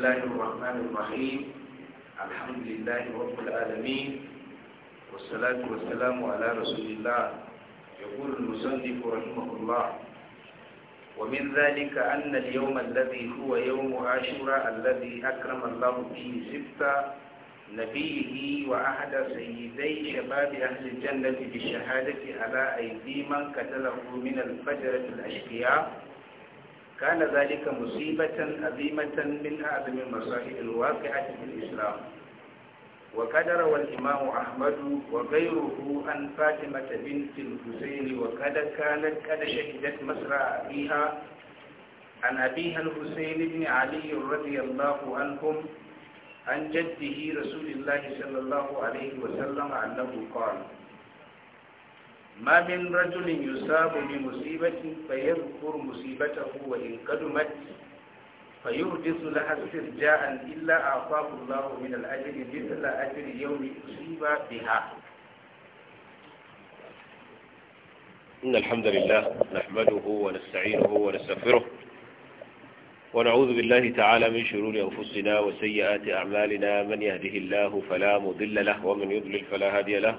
الله الرحمن الرحيم الحمد لله رب العالمين والصلاة والسلام على رسول الله يقول المصنف رحمه الله ومن ذلك أن اليوم الذي هو يوم عاشوراء الذي أكرم الله به سبت نبيه وأحد سيدي شباب أهل الجنة بالشهادة على أيدي من قتله من الفجرة الأشقياء كان ذلك مصيبة عظيمة من أعظم المصائب الواقعة في الإسلام وقد روى الإمام أحمد وغيره عن فاطمة بنت الحسين وقد كانت قد شهدت مسرع أبيها عن أبيها الحسين بن علي رضي الله عنهم عن جده رسول الله صلى الله عليه وسلم أنه قال ما من رجل يصاب بمصيبة فيذكر مصيبته وإن قدمت فيرجس لها استرجاء إلا أعطاه الله من الأجر مثل أجر يوم أصيب بها إن الحمد لله نحمده ونستعينه ونستغفره ونعوذ بالله تعالى من شرور أنفسنا وسيئات أعمالنا من يهده الله فلا مضل له ومن يضلل فلا هادي له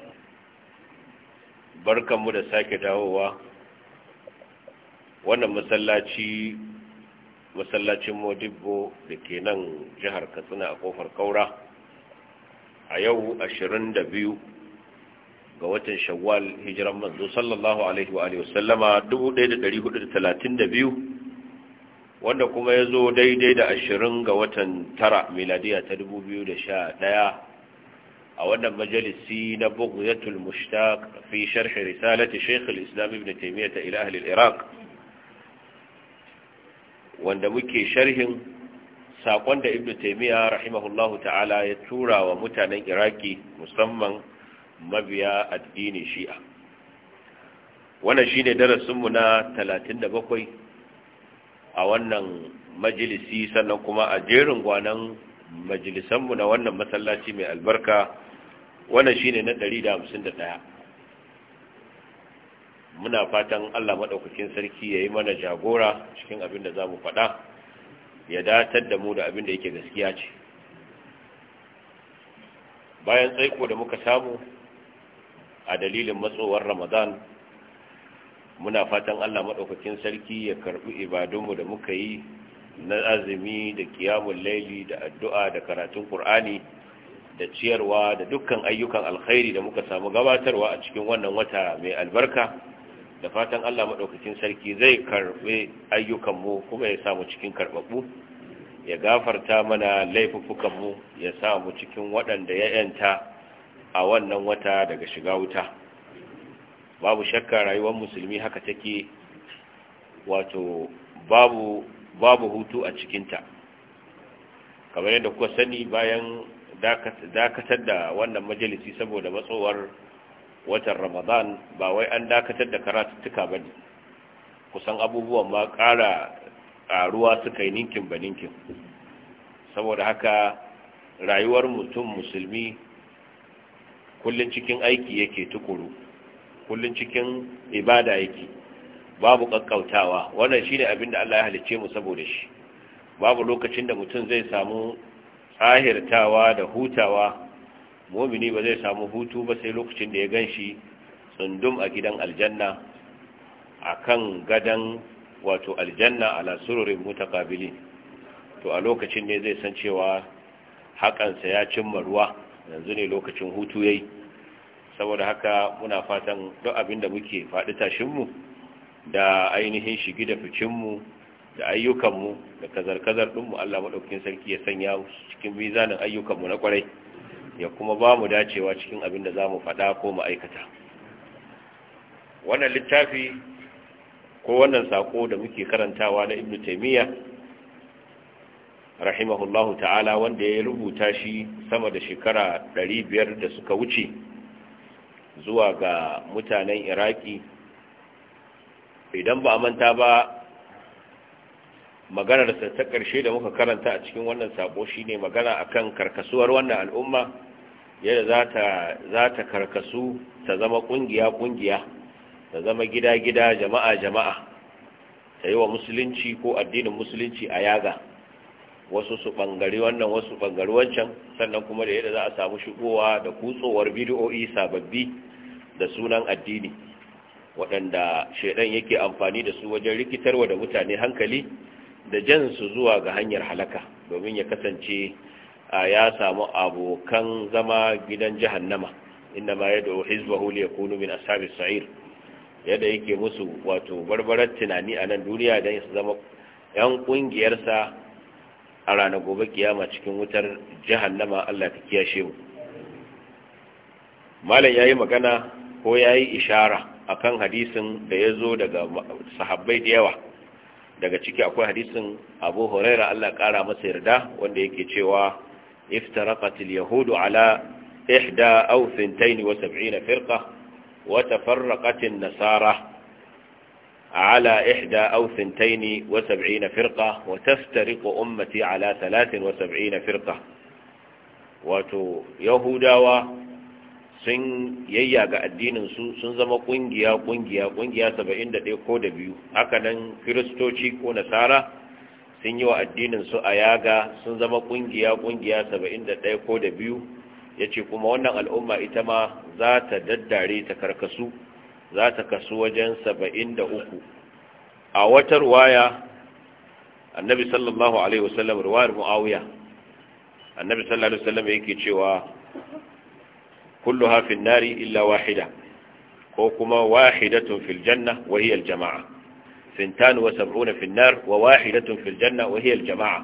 barkanmu da sake dawowa wannan masallaci masallacin modibbo da ke nan jihar katsina a kofar kaura a yau 22 ga watan shawwal hijiran manzo sallallahu alaihi wa alihi wasallama 1432 wanda kuma ya zo daidai da 20 ga watan tara miladiya ta 2011 a wannan majalisi na bugyatul mushtaq fi sharh risalati shaykh al-islam ibn taymiyyah ila ahli al-iraq wanda muke sharhin sakon da ibn taymiyyah rahimahullahu ta'ala ya tura wa mutanen iraki musamman mabiya addini shi'a wannan shine darasin mu na 37 a wannan majalisi sannan kuma a jerin gwanan majalisanmu na wannan masallaci mai albarka wannan shine na 151 muna fatan Allah madaukakin sarki yayi mana jagora cikin abin da zamu faɗa ya datar da mu da abin da yake gaskiya ce bayan tsaiko da muka samu a dalilin matsowar Ramadan muna fatan Allah Maɗaukakin sarki ya karɓi ibadunmu da muka yi na azumi da kiyamun laili da addu'a da karatun ƙur'ani da ciyarwa da dukkan ayyukan alkhairi da muka samu gabatarwa a cikin wannan wata mai albarka da fatan Allah maɗaukacin sarki zai karɓi ayyukanmu kuma ya samu cikin karɓaɓɓu ya gafarta mana mu ya samu cikin waɗanda ya ‘yanta a wannan wata daga shiga wuta babu shakka rayuwar musulmi haka take wato babu babu hutu a cikinta kamar yadda kuka sani bayan dakatar da wannan majalisi saboda matsowar watan ramadan ba wai an dakatar da karatuttuka ba ne kusan abubuwan ma ƙara ƙaruwa suka yi ninkin ba ninkin saboda haka rayuwar mutum musulmi kullum cikin aiki yake tukuru kullum cikin ibada yake babu ƙaƙƙautawa wannan shi ne abin da Allah ya halicce mu saboda shi babu lokacin da mutum zai samu tsahirtawa da hutawa mumini ba zai samu hutu ba sai lokacin da ya gan shi tsundum a gidan aljanna a kan gadon wato aljanna a lasururin mutakabili to a lokacin ne zai san cewa haƙansa ya cimma ruwa yanzu ne lokacin hutu ya saboda haka muna fatan duk abin da muke faɗi mu? da ainihin shigi da ficinmu da ayyukanmu da kazar-kazar ɗinmu Allah maɗaukakin sarki ya sanya cikin mizanin ayyukanmu na kwarai ya kuma ba mu dacewa cikin abin da za mu faɗa ko mu aikata wannan littafi ko wannan sako da muke karantawa na Ibn taimiyya rahimahullahu ta'ala wanda ya rubuta shi sama da shekara 500 da suka wuce zuwa ga mutanen iraki idan ba a manta ba maganarsa ta ƙarshe da muka karanta a cikin wannan sako shine magana akan karkasuwar wannan al'umma yadda za ta karkasu ta zama ƙungiya-ƙungiya ta zama gida-gida jama'a-jama'a ta yi wa musulunci ko addinin musulunci a yaga wasu su ɓangare wannan wasu ɓangare wancan sannan kuma da yadda za a samu shigowa da kutsowar bidiyo'i sababbi da sunan addini waɗanda shaidan yake amfani da su wajen rikitarwa da mutane hankali da jan su zuwa ga hanyar halaka domin ya kasance ya samu abokan zama gidan jahannama inda ma ya yadda hizbahu ya kunu min ashabis sa'ir yadda yake musu wato barbarar tunani a nan duniya don su zama yan kungiyarsa a ranar gobe kiyama cikin wutar jahannama Allah ta kiyashe mu malam yayi magana ko yayi ishara akan hadisin da ya zo daga sahabbai da yawa daga ciki akwai hadisin abu huraira Allah kara masa yarda wanda yake cewa iftaraqatil yahudu ala ihda aw thintain wa sab'ina firqa wa tafarraqatin nasara ala على إحدى أو ثنتين وسبعين فرقة وتفترق أمتي على ثلاث وسبعين فرقة wato yahudawa sun yayyaga addinin su sun zama kungiya kungiya kungiya 71 ko da biyu haka nan kiristoci ko nasara sun yi wa addinin su a yaga sun zama kungiya kungiya 71 ko da biyu Ya ce kuma wannan al'umma ita ma za ta daddare ta karkasu za ta kasu wajen 73 a wata ruwaya annabi sallallahu alaihi wasallam ruwayar muawiya annabi sallallahu alaihi wasallam yake cewa kulluha fi nari illa wahida ko kuma wahidatun fil janna wa jama'a fintan wa sab'una fi wa wahidatun fil janna wa hiya al jama'a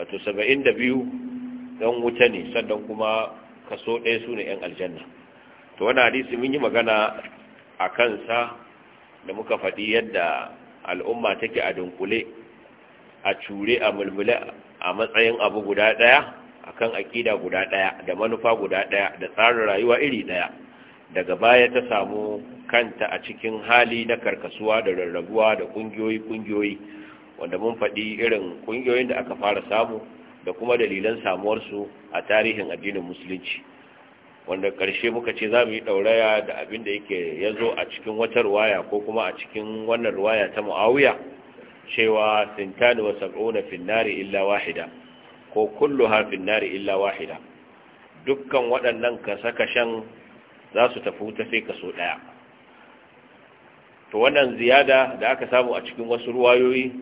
wato 72 dan wuta ne sannan kuma kaso ɗaya su 'yan aljanna to wani hadisi mun yi magana a kansa da muka faɗi yadda al'umma take a dunkule a cure a mulmule a matsayin abu guda ɗaya akan akida guda daya da manufa guda daya da tsarin rayuwa iri daya daga baya ta samu kanta a cikin hali na karkasuwa da rarrabuwa da kungiyoyi kungiyoyi wanda mun faɗi irin kungiyoyin da aka fara samu da kuma dalilan samuwarsu a tarihin addinin musulunci wanda ƙarshe muka ce za mu yi ɗauraya da abin da yake ya zo a cikin wata ruwaya ko kuma a cikin wannan ruwaya ta mu'awiya cewa sintani wa sab'una finnari illa wahida ko kullu harfin nari illa wahida dukkan waɗannan ka saka shan za su tafi wuta sai kaso ɗaya to wannan ziyada da aka samu a cikin wasu ruwayoyi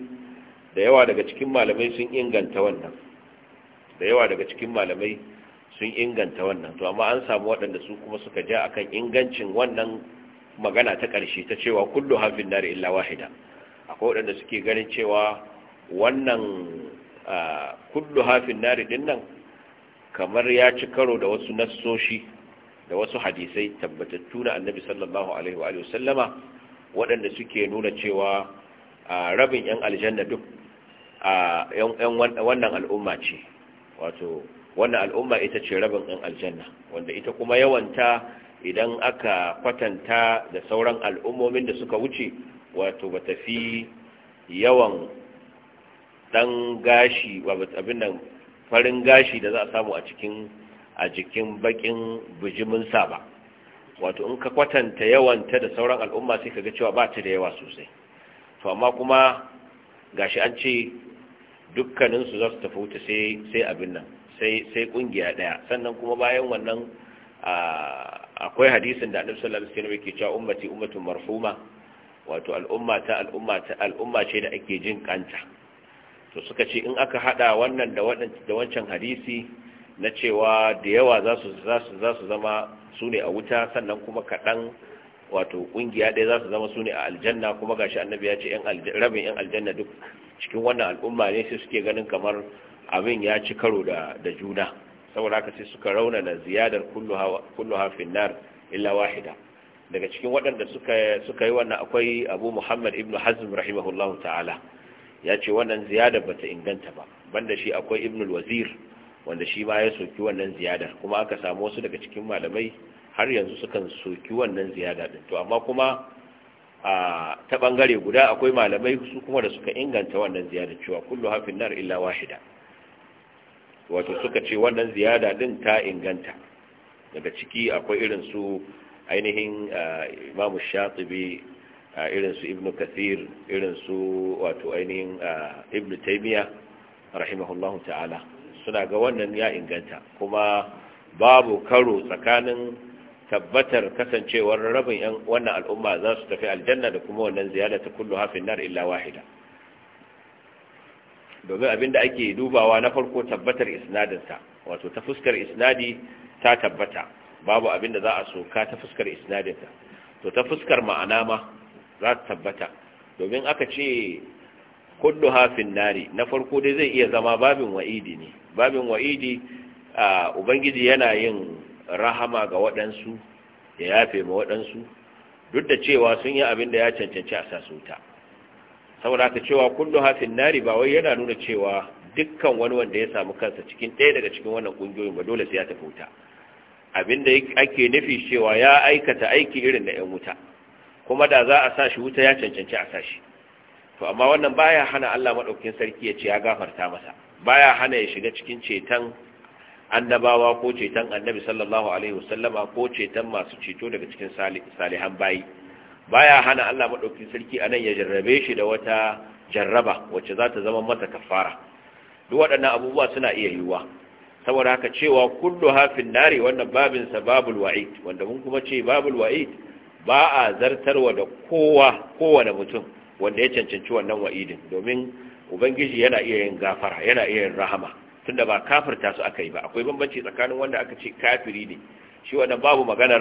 da yawa daga cikin malamai sun inganta wannan da yawa daga cikin malamai sun inganta wannan to amma an samu waɗanda su kuma suka ja akan ingancin wannan magana ta ƙarshe ta cewa kullu hafin nari illa wahida akwai waɗanda suke ganin cewa wannan kullu hafin nari din nan kamar ya ci karo da wasu nasoshi da wasu hadisai tabbatattu na annabi sallallahu alaihi wa sallama waɗanda suke nuna cewa rabin 'yan aljanna duk wannan al'umma ce wato wannan al'umma ita ce rabin 'yan aljanna wanda ita kuma yawanta idan aka kwatanta da sauran al'ummomin da suka wuce wato ba ta fi yawan dan gashi abin nan farin gashi da za a samu a cikin a jikin bakin bijiminsa ba wato in ka kwatanta yawan ta da sauran al'umma sai ka ga cewa ba ta da yawa sosai to amma kuma gashi an ce dukkaninsu za su tafi wuta sai abin nan sai kungiya daya sannan kuma bayan wannan akwai hadisin da annabi sallallahu alaihi wasallam yake cewa ummati ummatun marhuma wato al'umma ta al'umma ta al'umma ce da ake jin kanta to suka ce in aka hada wannan da wancan hadisi na cewa da yawa za su zama su ne a wuta sannan kuma kaɗan wato ƙungiya ɗaya za su zama su ne a aljanna kuma ga shi annabi ya ce rabin 'yan aljanna duk cikin wannan al'umma ne sai suke ganin kamar abin ya ci karo da juna saboda haka sai suka raunana ziyadar kullu hafin nar illa wahida daga cikin waɗanda suka yi wannan akwai abu muhammad ibn hazm rahimahullahu ta'ala ya ce wannan ziyada bata inganta ba banda shi akwai ibnul wazir wanda shi ma ya soki wannan ziyadar kuma aka samu wasu daga cikin malamai har yanzu sukan soki wannan ziyada din to amma kuma a ta bangare guda akwai malamai su kuma da suka inganta wannan ziyada cewa kullu hafin nar illa wahida wato suka ce wannan ziyada din ta inganta daga ciki akwai irin su ainihin imamu shatibi irin su ibnu kathir irin su wato ainihin ibnu taymiya rahimahullahu ta'ala suna ga wannan ya inganta kuma babu karo tsakanin tabbatar kasancewar rabin yan wannan al'umma za su tafi aljanna da kuma wannan ziyada ta kullu hafin nar illa wahida domin abinda ake dubawa na farko tabbatar isnadinsa wato ta fuskar isnadi ta tabbata babu abinda za a soka ta fuskar isnadinsa to ta fuskar ma'ana ma za su tabbata domin aka ce kudu hafin nari na farko dai zai iya zama babin wa'idi ne babin wa'idi ubangiji yana yin rahama ga waɗansu ya yafe ma waɗansu duk da cewa sun yi abin da ya cancanci a sasuta saboda aka cewa kullu hafin nari ba wai yana nuna cewa dukkan wani wanda ya samu kansa cikin ɗaya daga cikin wannan ƙungiyoyin ba dole sai ya tafi wuta abin da ake nufi cewa ya aikata aiki irin da ƴan wuta kuma da za a sa shi wuta ya cancanci a sa shi to amma wannan baya hana Allah madaukakin sarki ya ce ya gafarta masa baya hana ya shiga cikin ceton annabawa ko ceton annabi sallallahu alaihi wasallama ko ceton masu ceto daga cikin salihan bayi baya hana Allah madaukakin sarki anan ya jarrabe shi da wata jarraba wacce za ta zama mata kafara duk waɗannan abubuwa suna iya yiwuwa saboda haka cewa kullu hafin nari wannan babin sababul wa'id wanda mun kuma ce babul wa'id ba a zartarwa da kowa kowane mutum wanda ya cancanci wannan wa'idin domin ubangiji yana iya yin gafara yana iya yin rahama tunda ba kafirta su aka yi ba akwai bambanci tsakanin wanda aka ce kafiri ne shi wannan babu maganar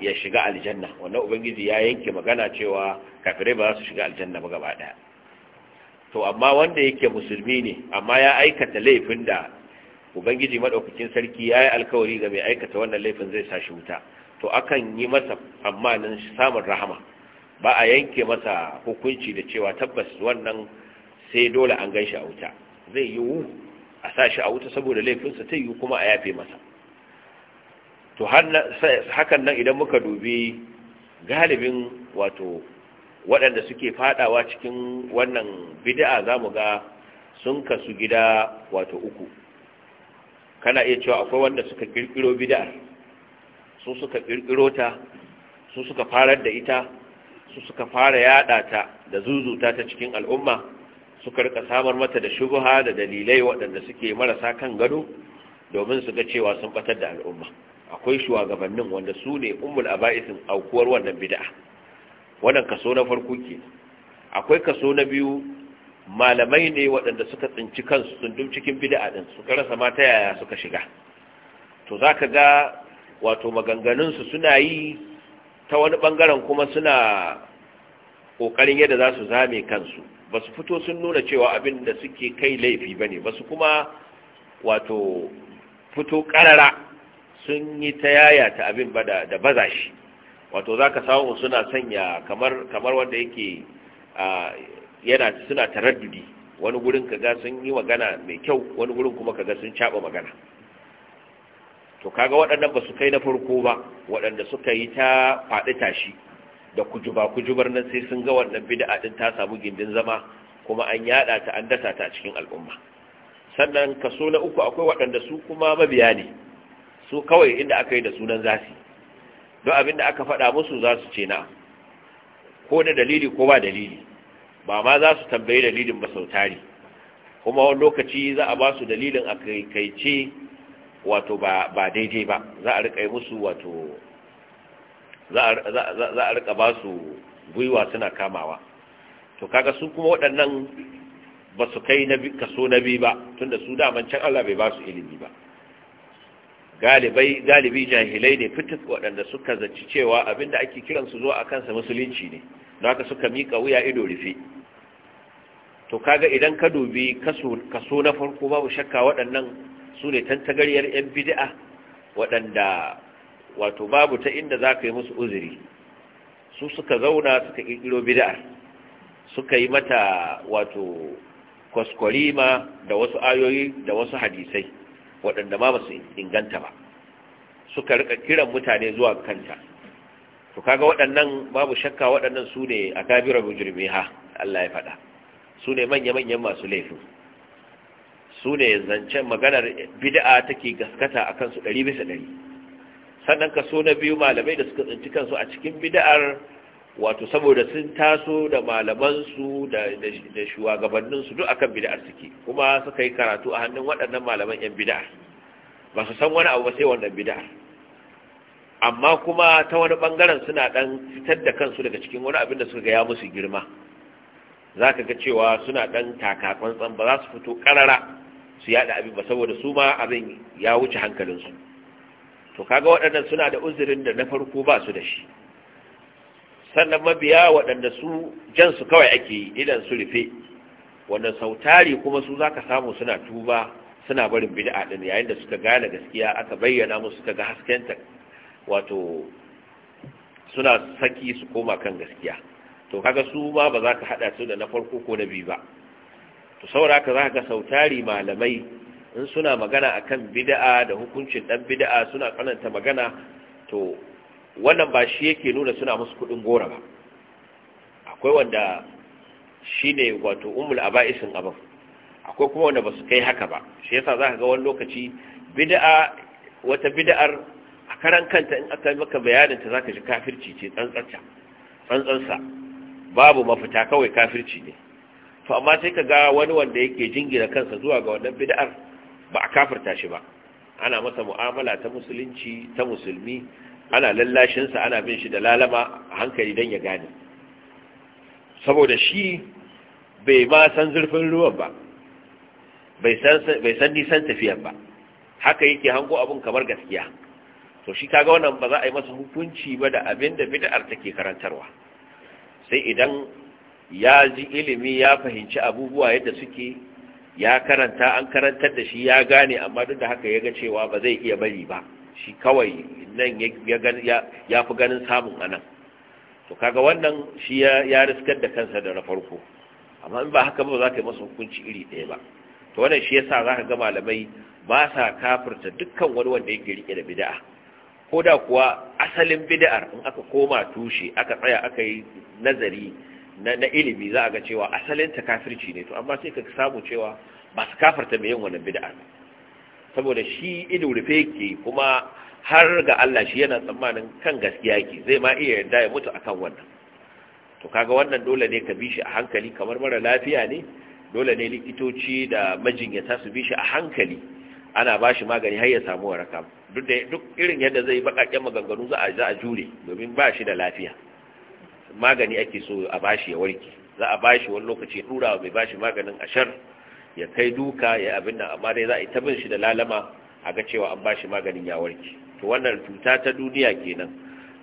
ya shiga aljanna wannan ubangiji ya yanke magana cewa kafirai ba za su shiga aljanna ba gaba daya to amma wanda yake musulmi ne amma ya aikata laifin da ubangiji madaukakin sarki ya yi alkawari ga mai aikata wannan laifin zai sa shi wuta to akan yi masa amma nan samun rahama ba a yanke masa hukunci da cewa tabbas wannan sai dole an gan shi a wuta zai yiwu a sa shi a wuta saboda laifinsa ta yiwu kuma a yafe masa to hakan nan idan muka dubi galibin wato waɗanda suke fadawa cikin wannan bid'a za mu ga sun kasu gida wato uku kana iya cewa akwai wanda suka kirkiro bid'a su suka kirkiro ta su suka farar da ita su suka fara yada ta da zuzuta ta cikin al'umma suka rika samar mata da shubuha da dalilai waɗanda suke marasa kan gado domin su ga cewa sun batar da al'umma akwai shugabannin wanda su ne ummul aba'isin aukuwar wannan bid'a wannan kaso na farko ke akwai kaso na biyu malamai ne waɗanda suka tsinci kansu tsundum cikin bid'a din suka rasa mata yaya suka shiga to zaka ga wato maganganun su suna yi ta wani bangaren kuma suna kokarin yadda za su zame kansu ba su fito sun nuna cewa abin da suke kai laifi ba ne ba su kuma wato fito karara sun yi ta yaya ta abin ba da baza shi wato za ka samu suna sanya kamar wanda yake yana suna taraddudi wani gurin kaga sun yi magana mai kyau wani gurin kuma kaga sun caba magana to kaga waɗannan ba su kai na farko ba waɗanda suka yi ta faɗi tashi da kujuba kujubar nan sai sun ga wannan bid'a din ta samu gindin zama kuma an yada ta an dasa ta cikin al'umma sannan kaso na uku akwai waɗanda su kuma mabiya ne su kawai inda aka yi da sunan zasi don abin da aka faɗa musu za su ce na ko da dalili ko ba dalili ba ma za su tambayi dalilin ba sau tari kuma wani lokaci za a ba su dalilin a kaikaice wato ba daidai ba za a rika yi musu wato za a rika ba su gwiwa suna kamawa to kaga su kuma waɗannan ba su kai kaso na biyu ba tunda su daman can Allah bai ba su ilimi ba galibi jahilai ne fitis waɗanda suka zaci cewa abinda ake kiransu zuwa a kansa musulunci ne Na haka suka miƙa wuya ido rufe to kaga idan ka dubi kaso na farko babu shakka waɗannan su ne tantagaryar 'yan bidi'a waɗanda wato babu ta inda za ka yi musu uzuri su suka zauna suka ƙirƙiro bid'ar suka yi mata wato kwaskwarima da wasu ayoyi da wasu hadisai waɗanda ma basu inganta ba suka rika kiran mutane zuwa kanta to kaga waɗannan babu shakka waɗannan su ne a kabira ha, Allah ya faɗa su ne manya-manyan masu laifin su ne zancen maganar bid'a take gaskata a kansu 100 bisa 100 sannan kaso na biyu malamai da suka tsinci kansu a cikin bid'ar wato saboda sun taso da malamansu da shugabanninsu duk akan bid'ar suke kuma suka yi karatu a hannun waɗannan malaman 'yan bid'ar ba su san wani abu ba sai wannan bid'ar amma kuma ta wani ɓangaren suna ɗan fitar da kansu daga cikin wani abin da suka gaya musu girma za ka ga cewa suna ɗan tsan ba za su fito ƙarara su yada abin ba saboda su ma abin ya wuce hankalinsu to kaga waɗannan suna da uzurin da na farko ba su da shi sannan mabiya waɗanda su jan su kawai ake yi idan su rufe wanda sautari kuma su zaka samu suna tuba suna barin bid'a din yayin da suka gane gaskiya aka bayyana musu suka ga haskenta wato suna saki su koma kan gaskiya to kaga su ma ba za ka hada su da na farko ko na biyu ba to saboda haka za ka sautari malamai in suna magana akan bid'a da hukuncin dan bid'a suna tsananta magana to wannan ba shi yake nuna suna musu kudin gora ba akwai wanda shine wato ummul aba'isin abin akwai kuma wanda basu kai haka ba shi yasa za ga wani lokaci bid'a wata bid'ar a karan kanta in aka maka bayanin ta zaka ji kafirci ce tsantsanta tsantsansa babu mafita kawai kafirci ne to amma sai ka ga wani wanda yake jingina kansa zuwa ga wannan bid'ar ba a kafirta shi ba ana masa mu'amala ta musulunci ta musulmi ana lallashinsa ana bin shi da lalama a hankali don ya gane saboda shi bai ma san zurfin ruwan ba bai san nisan tafiyan ba haka yake hango abin kamar gaskiya to shi kaga wannan ba za a yi masa hukunci ba da abin da bid'ar take karantarwa sai idan ya ji ilimi ya fahimci abubuwa yadda suke ya karanta an karantar da shi ya gane amma duk da haka ya ga cewa ba zai iya bari ba shi kawai nan ya fi ganin samun anan to kaga wannan shi ya riskar da kansa da na farko amma in ba haka ba za ka yi masa hukunci iri ɗaya ba to wannan shi yasa za ka ga malamai ba sa kafirta dukkan wani wanda yake rike da bid'a ko da kuwa asalin bida'ar in aka koma tushe aka tsaya aka yi nazari na ilimi za a ga cewa asalin ta kafirci ne to amma sai ka samu cewa ba su kafarta mai yin wannan bid'a saboda shi ido rufe ke kuma har ga Allah shi yana tsammanin kan gaskiya yake zai ma iya yarda ya mutu akan wannan to kaga wannan dole ne ka bi shi a hankali kamar mara lafiya ne dole ne likitoci da majinyata su bi shi a hankali ana ba shi magani har ya samu waraka duk irin yadda zai baƙaƙen maganganu za a jure domin ba shi da lafiya magani ake so a bashi ya warke za a bashi wani lokaci dura mai bashi maganin ashar ya kai duka ya abin nan amma dai za a yi tabin shi da lalama a ga cewa an bashi maganin ya warke to wannan cuta ta duniya kenan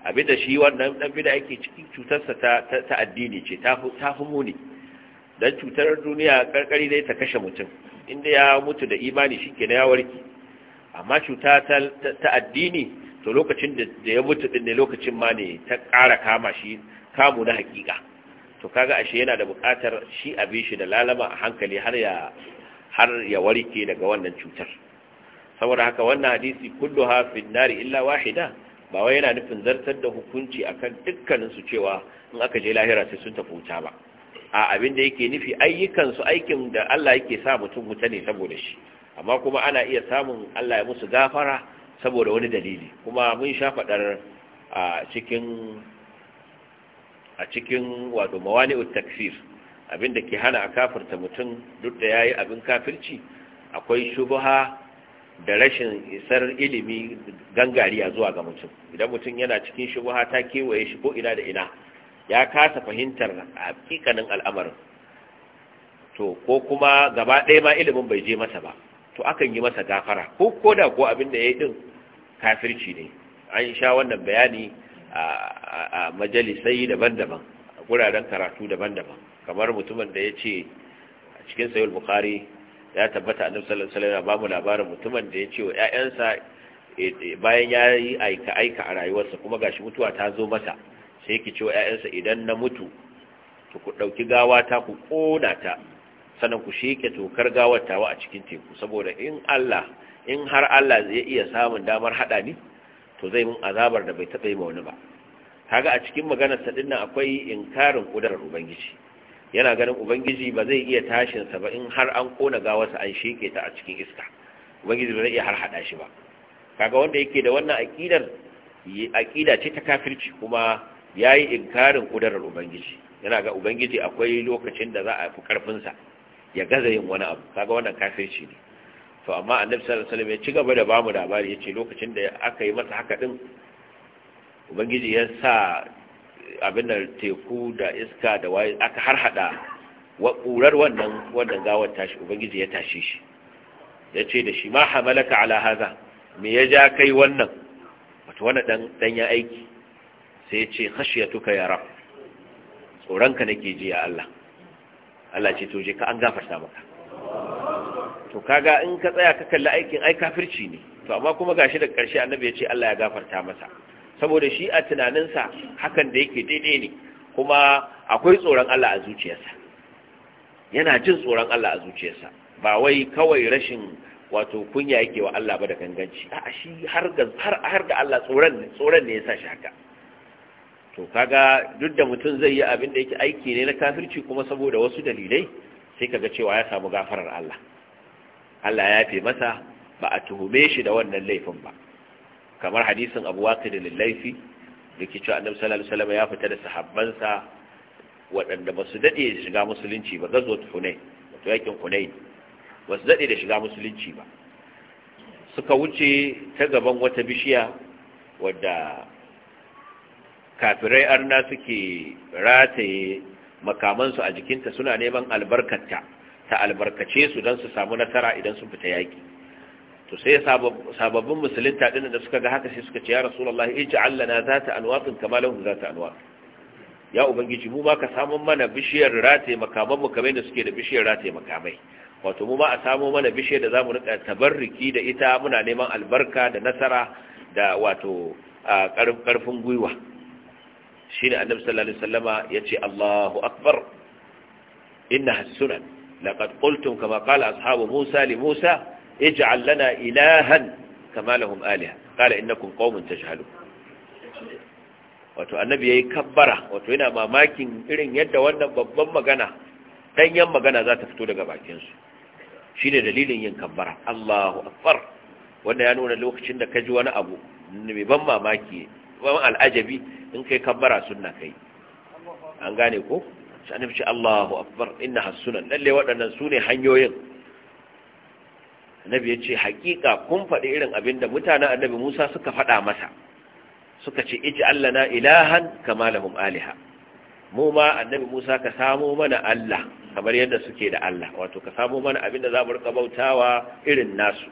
abin da shi wannan dan bida ake cikin cutarsa ta ta addini ce ta ta muni dan cutar duniya karkari dai ta kashe mutum inda ya mutu da imani shikenan ya warke amma cuta ta ta addini to lokacin da ya mutu din ne lokacin ma ne ta ƙara kama shi kamu na hakika to kaga ashe yana da buƙatar shi a bi shi da lalama a hankali har ya har ya warke daga wannan cutar saboda haka wannan hadisi kulluha fi nari illa wahida ba wai yana nufin zartar da hukunci akan dukkanin su cewa in aka je lahira sai sun tafi wuta ba a abin da yake nufi ayyukan su aikin da Allah yake sa mutum wuta ne saboda shi amma kuma ana iya samun Allah ya musu gafara saboda wani dalili kuma mun sha fadar a cikin a cikin wato mawani'ut takfir abinda ke hana a kafirta mutum duk da yayi abin kafirci akwai shubha da rashin isar ilimi gangariya zuwa ga mutum idan mutum yana cikin shubha ta kewaye shi ko ina da ina ya kasa fahimtar hakikanin al'amarin to ko kuma gaba ɗaya ma ilimin bai je masa ba to akan yi masa gafara ko koda ko abin da ya yi ɗin kafirci ne an sha wannan bayani a majalisai daban-daban a guraren karatu daban-daban kamar mutumin da ya ce a cikin sayul bukari ya tabbata annabi sallallahu alaihi ba mu labarin mutumin da ya ce wa ƴaƴansa e, e, bayan ya yi aika aika a rayuwarsa kuma gashi mutuwa ta zo mata sai yake ce wa ƴaƴansa idan na mutu to ku dauki gawa ta ku kona ta sannan ku sheke tokar gawar tawa a cikin teku saboda in in har Allah zai iya samun damar hada ni to zai mun azabar da bai taɓa yi ma wani ba kaga a cikin maganar ta dinnan akwai inkarin kudarar ubangiji yana ganin ubangiji ba zai iya tashin sa ba in har an kona gawarsa an sheke ta a cikin iska ubangiji ba zai iya har hada shi ba kaga wanda yake da wannan aqidar aqida ce ta kafirci kuma yayi inkarin kudarar ubangiji yana ga ubangiji akwai lokacin da za a fi karfin sa ya gaza yin wani abu kaga wannan kafirci ne to amma annabi sallallahu alaihi wasallam ya ci gaba da bamu labari yace lokacin da aka yi masa haka din ubangiji ya sa abin da teku da iska da waye aka harhada wa kurar wannan wannan gawar tashi ubangiji ya tashi shi yace da shi ma hamalaka ala me ya ja kai wannan wato wannan dan dan ya aiki sai yace khashiyatuka ya rab tsoranka nake ji ya Allah Allah ce to je ka an gafarta maka to kaga in ka tsaya ka kalli aikin ai kafirci ne to amma kuma gashi da ƙarshe annabi ya ce Allah ya gafarta masa saboda shi a tunaninsa hakan da yake daidai ne kuma akwai tsoron Allah a zuciyarsa yana jin tsoron Allah a zuciyarsa ba wai kawai rashin wato kunya yake wa Allah ba da ganganci a shi har ga har ga Allah tsoron tsoron ne yasa shi haka to kaga duk da mutum zai yi abin da yake aiki ne na kafirci kuma saboda wasu dalilai sai kaga cewa ya samu gafarar Allah Allah ya fi masa ba a tuhume shi da wannan laifin ba kamar hadisin Abu Waqid al-Laifi da ke cewa Annabi sallallahu alaihi wasallam ya fita da sahabbansa waɗanda ba su dade shiga musulunci ba gazo tuhune wato yakin Hunain ba su dade da shiga musulunci ba suka wuce ta gaban wata bishiya wadda kafirai arna suke rataye makamansu a jikinta suna neman albarkarta ta albarkace su don su samu nasara idan sun fita yaƙi to sai sababbin musulunta ɗin da suka ga haka sai suka ce ya rasulallah ij'al lana zata anwaqin kama za ta anwaq ya ubangiji mu ka samu mana bishiyar rataye makaman mu da suke da bishiyar rataye makamai wato mu a samu mana bishiyar da za mu rika tabarriki da ita muna neman albarka da nasara da wato karfin gwiwa Shin annabi sallallahu alaihi wasallama yace Allahu akbar inna hasunan laqad qultum kama qala ashabu Musa li Musa ij'al lana ilahan kama lahum aliha qala innakum qaumun wato annabi yayi kabbara wato yana mamakin irin yadda wannan babban magana danyen magana za ta fito daga bakin su shine dalilin yin kabbara Allahu akbar wanda ya nuna lokacin da ka ji wani abu mai ban mamaki ban al'ajabi in kai kabbara sunna kai an gane ko Sani annabi Allahu akbar inna hasunan lalle waɗannan su ne hanyoyin annabi ya ce haƙiƙa kun faɗi irin abin da mutanen annabi Musa suka faɗa masa suka ce iji Allah na ilahan kama lahum aliha mu ma annabi Musa ka samo mana Allah kamar yadda suke da Allah wato ka samo mana abin da za mu rika bautawa irin nasu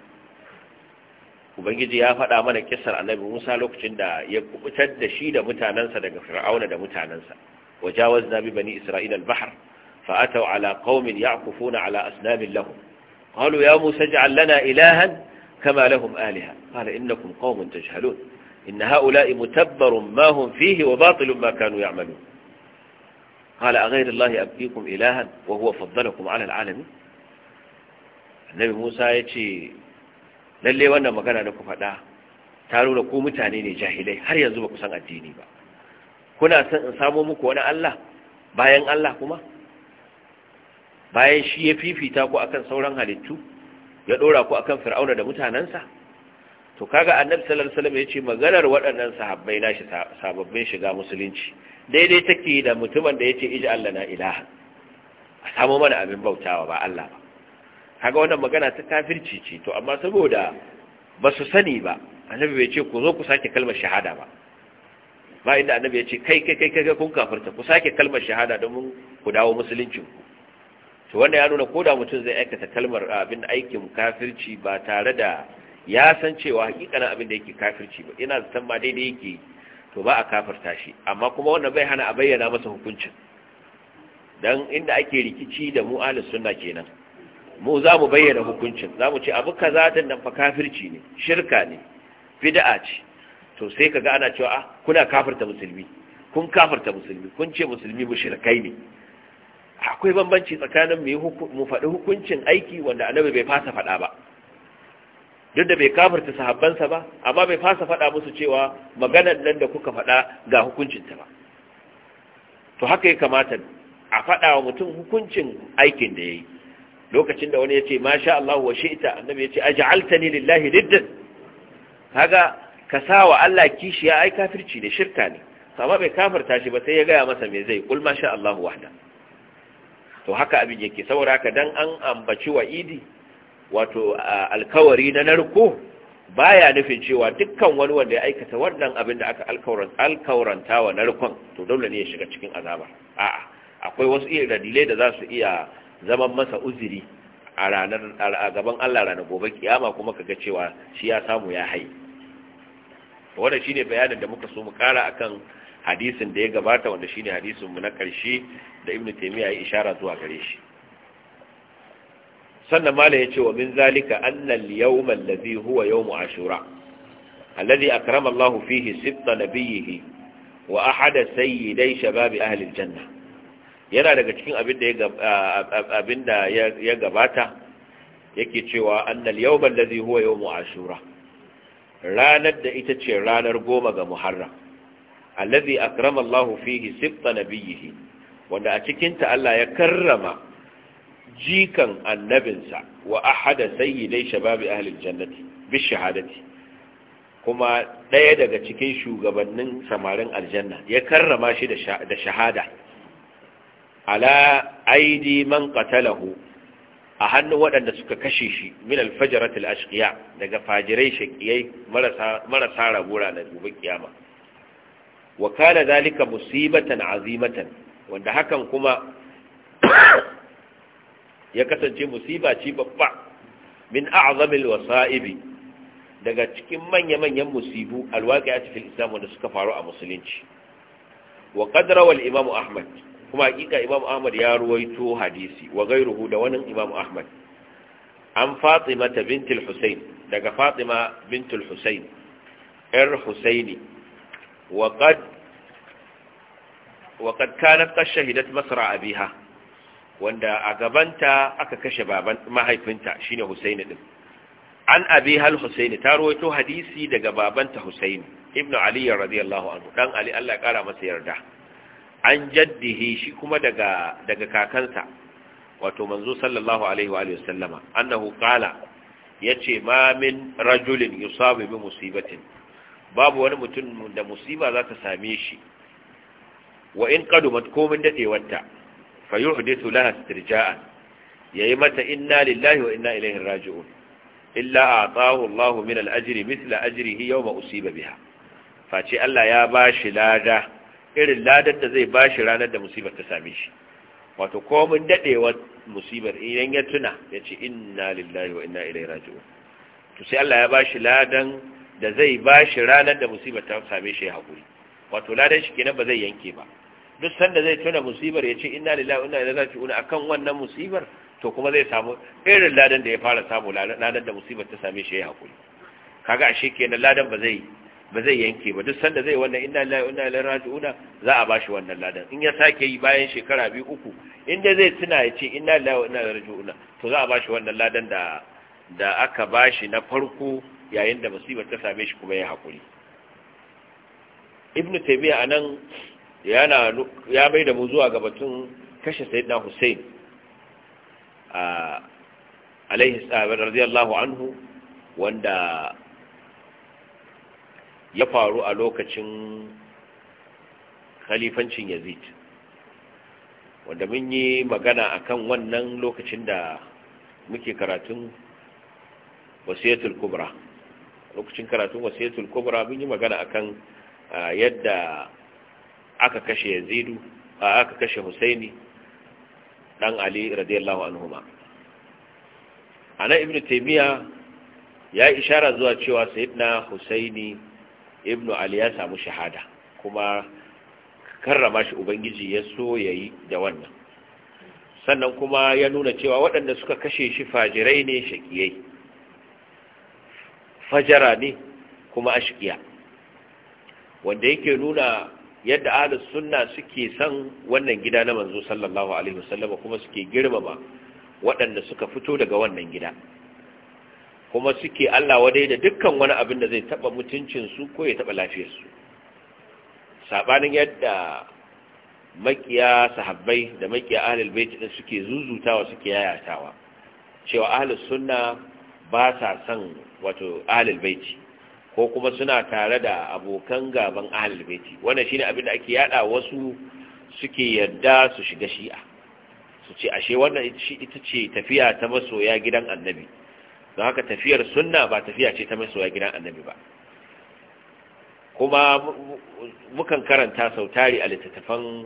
ubangiji ya faɗa mana kisar annabi Musa lokacin da ya kubutar da shi da mutanansa daga Fir'auna da mutanensa. وجاوزنا ببني إسرائيل البحر فأتوا على قوم يعكفون على أسنام لهم قالوا يا موسى اجعل لنا إلها كما لهم آلهة قال إنكم قوم تجهلون إن هؤلاء متبر ما هم فيه وباطل ما كانوا يعملون قال أغير الله أبقيكم إلها وهو فضلكم على العالمين النبي موسى يتي للي وانا magana da ku faɗa ta nuna ku mutane ne jahilai har yanzu kuna son in samo muku wani Allah bayan Allah kuma bayan shi ya fifita ku akan sauran halittu ya dora ku akan fir'auna da mutanansa to kaga annabi sallallahu alaihi wasallam yace maganar waɗannan sahabbai nashi sababbin shiga musulunci daidai take da mutumin da yace ij'al lana ilaha a samu mana abin bautawa ba Allah ba kaga wannan magana ta kafirci ce to amma saboda ba su sani ba annabi bai ce ku zo ku sake kalmar shahada ba ba inda annabi ya ce kai kai kai kai kun kafirta ku sake kalmar shahada domin ku dawo musuluncin ku to wanda ya nuna ko da mutum zai aikata kalmar ah, abin aikin kafirci ba tare da ya san cewa hakikanin abin da yake kafirci ba yana zaton ma daidai yake to ba a kafirta shi amma kuma wannan bai hana a bayyana masa hukuncin dan inda ake rikici da mu ahlus sunna kenan mu za mu bayyana hukuncin za mu ce abu kaza tun da fa kafirci ne shirka ne bid'a ce to sai kaga ana cewa ah, kuna kafirta musulmi kun kafirta musulmi kun ce musulmi mushrikai ne akwai bambanci tsakanin mu faɗi hukuncin aiki wanda annabi bai fasa faɗa ba duk da bai kafirta sahabbansa ba amma bai fasa faɗa musu cewa maganar nan da kuka faɗa ga hukuncinta ba to haka ya kamata a faɗa wa mutum hukuncin aikin da ya yi lokacin da wani ya ce masha Allah wa shi'ita annabi ya ce aj'altani lillahi liddan. kaga ka sa wa Allah kishi ya ai kafirci ne shirka ne amma bai kafirta shi ba sai ya gaya masa me zai kulma ma sha Allah wahda to haka abin yake saboda haka dan an ambaci wa'idi wato alkawari na narko baya nufin cewa dukkan wani wanda ya aikata wannan abin da aka alkawaranta wa narkon to dole ne ya shiga cikin azaba a'a akwai wasu iya dalilai da za su iya zaman masa uzuri a ranar a gaban Allah ranar gobe kiyama kuma kaga cewa shi ya samu ya haye shi shine bayanin da muka so mu kara akan hadisin da ya gabata wanda shine hadisin mu na karshe da ibnu taymiya ya ishara zuwa gare shi sannan mala ce wa min zalika anna al-yawma alladhi huwa yawm ashura alladhi akrama Allah fihi sibta nabiyhi wa ahada sayyidai shabab ahli al-janna yana daga cikin abin da ya gabata yake cewa annal al-yawma alladhi huwa yawm ashura ranar da ita ce ranar goma ga muharram allazi akramallahu Allahu fihi sibta nabiyhi wanda a cikinta Allah ya karrama jikan annabinsa wa ahada sayyidai shababi ahli aljannati bi shahadati kuma ɗaya daga cikin shugabannin samarin aljanna ya karrama shi da shahada ala aidi man qatalahu a hannun waɗanda suka kashe shi min alfajaratul ashqiya daga fajirai shaqiyai marasa marasa ragura na gobe kiyama wa kana zalika musibatan azimatan wanda hakan kuma ya kasance musiba ce babba min a'zamil wasa'ibi daga cikin manya-manyan musibu alwaqi'ati fil islam wanda suka faru a musulunci wa qadra wal imam ahmad kuma hakika imam ahmad ya ruwaito hadisi wa gairuhu da wani imam ahmad an fatima ta bintul husain daga fatima bintul husain yar husaini wa qad wa qad kanat qad shahidat masra abiha wanda a gabanta aka kashe baban mahaifinta shine husaini din an abi hal husaini ta ruwaito hadisi daga babanta husaini ibnu ali radiyallahu anhu dan ali Allah ya kara masa yarda an jaddihi shi kuma daga daga kakansa wato manzo sallallahu alaihi wa sallama annahu qala yace ma min rajulin yusabu bi musibatin babu wani mutum da musiba za ta same shi wa in qadumat komin dadewarta fa laha istirja'an yayi mata inna lillahi wa inna ilaihi raji'un illa a'tahu Allah min al-ajri mithla ajrihi yawma usiba biha face Allah ya bashi lada irin ladar da zai ba shi ranar da musibar ta same shi wato komin dadewar musibar idan ya tuna ya ce inna lillahi wa inna ilaihi raji'un to sai Allah ya ba shi ladan da zai ba shi ranar da musibar ta same shi ya hakuri wato ladan shi kenan ba zai yanke ba duk sanda zai tuna musibar ya ce inna lillahi wa inna ilaihi raji'un akan wannan musibar to kuma zai samu irin ladan da ya fara samu ladan da musibar ta same shi ya hakuri kaga ashe kenan ladan ba zai ba zai yanke ba duk sanda zai wannan inna lillahi wa inna ilaihi raji'un za a bashi wannan ladan in ya sake yi bayan shekara biyu uku inda zai tuna ya ce inna lillahi wa inna ilaihi raji'un to za a bashi wannan ladan da da aka bashi na farko yayin da musibar ta same shi kuma ya hakuri ibnu taymiya anan yana ya bai da mu zuwa ga batun kashe sayyidina husayn a alaihi sallallahu radiyallahu anhu wanda ya faru a lokacin khalifancin yazid wanda mun yi magana akan wannan lokacin da muke karatun wasiyatul kubra lokacin karatun wasiyatul kubra mun yi magana akan yadda aka kashe yazidu aka kashe husaini dan ali radiyallahu anhuma ana ibnu taymiya ya ishara zuwa cewa sayyidina husaini ibnu ali ya samu shahada kuma karrama shi ubangiji ya so yayi da wannan sannan kuma ya nuna cewa waɗanda suka kashe shi fajirai ne shakiyai fajara ne kuma ashkiya wanda yake nuna yadda ahlus sunna suke son wannan gida na manzo sallallahu alaihi wasallam kuma suke girmama waɗanda suka fito daga wannan gida kuma suke Allah wadai da dukkan wani abin da zai taba mutuncinsu ko ya taba lafiyarsu Saɓanin yadda makiya sahabbai da makiya ahlul bait din suke zuzutawa suke yayatawa cewa ahlus suna ba sa son wato ahlul bait ko kuma suna tare da abokan gaban ahlul bait wannan shine abin da ake yada wasu suke yadda su shiga shi'a su ce ashe wannan ita ce tafiya ta masoya gidan annabi don haka tafiyar sunna ba tafiya ce ta mai soya gidan annabi ba kuma mukan karanta sautari a littattafan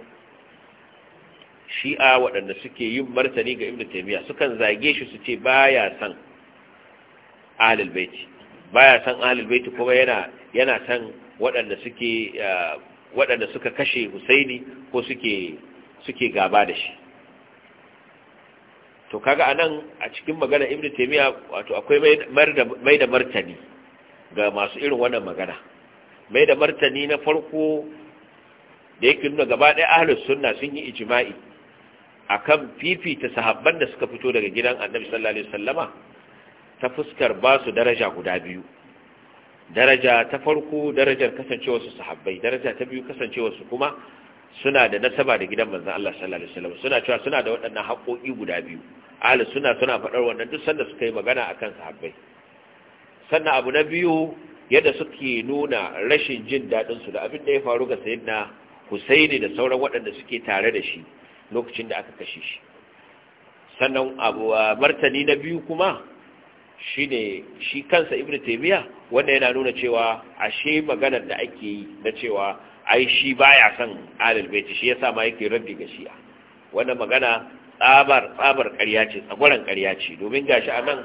shi'a waɗanda suke yin martani ga inda taimiyya, sukan zage shi su ce baya san ahlul baiti baya san kuma yana son san waɗanda suke suka kashe Husaini ko suke gaba da shi to kaga anan a cikin magana ibnu taymiya wato akwai mai da martani ga masu irin wannan magana mai da martani na farko da yake nuna gaba ɗaya ahlus sunna sun yi ijma'i akan fifita sahabban da suka fito daga gidan annabi sallallahu alaihi wasallama ta fuskar ba su daraja guda biyu daraja ta farko darajar kasancewar su sahabbai daraja ta biyu kasancewar su kuma suna da nasaba da gidan manzon Allah sallallahu alaihi wasallam suna cewa suna da waɗannan haƙoƙi guda biyu ahli sunna suna faɗar wannan duk sanda suka yi magana akan sahabbai sannan abu na biyu yadda suke nuna rashin jin daɗin su da abin da ya faru ga sayyidina Husaini da sauran waɗanda suke tare da shi lokacin da aka kashe shi sannan abu martani na biyu kuma shine shi kansa ibnu Taymiyyah wanda yana nuna cewa ashe maganar da ake yi na cewa ai shi baya son alil baiti shi yasa ma yake raddi ga shi'a wannan magana tsabar tsabar ƙarya ce tsagwaron ƙarya ce domin gashi a nan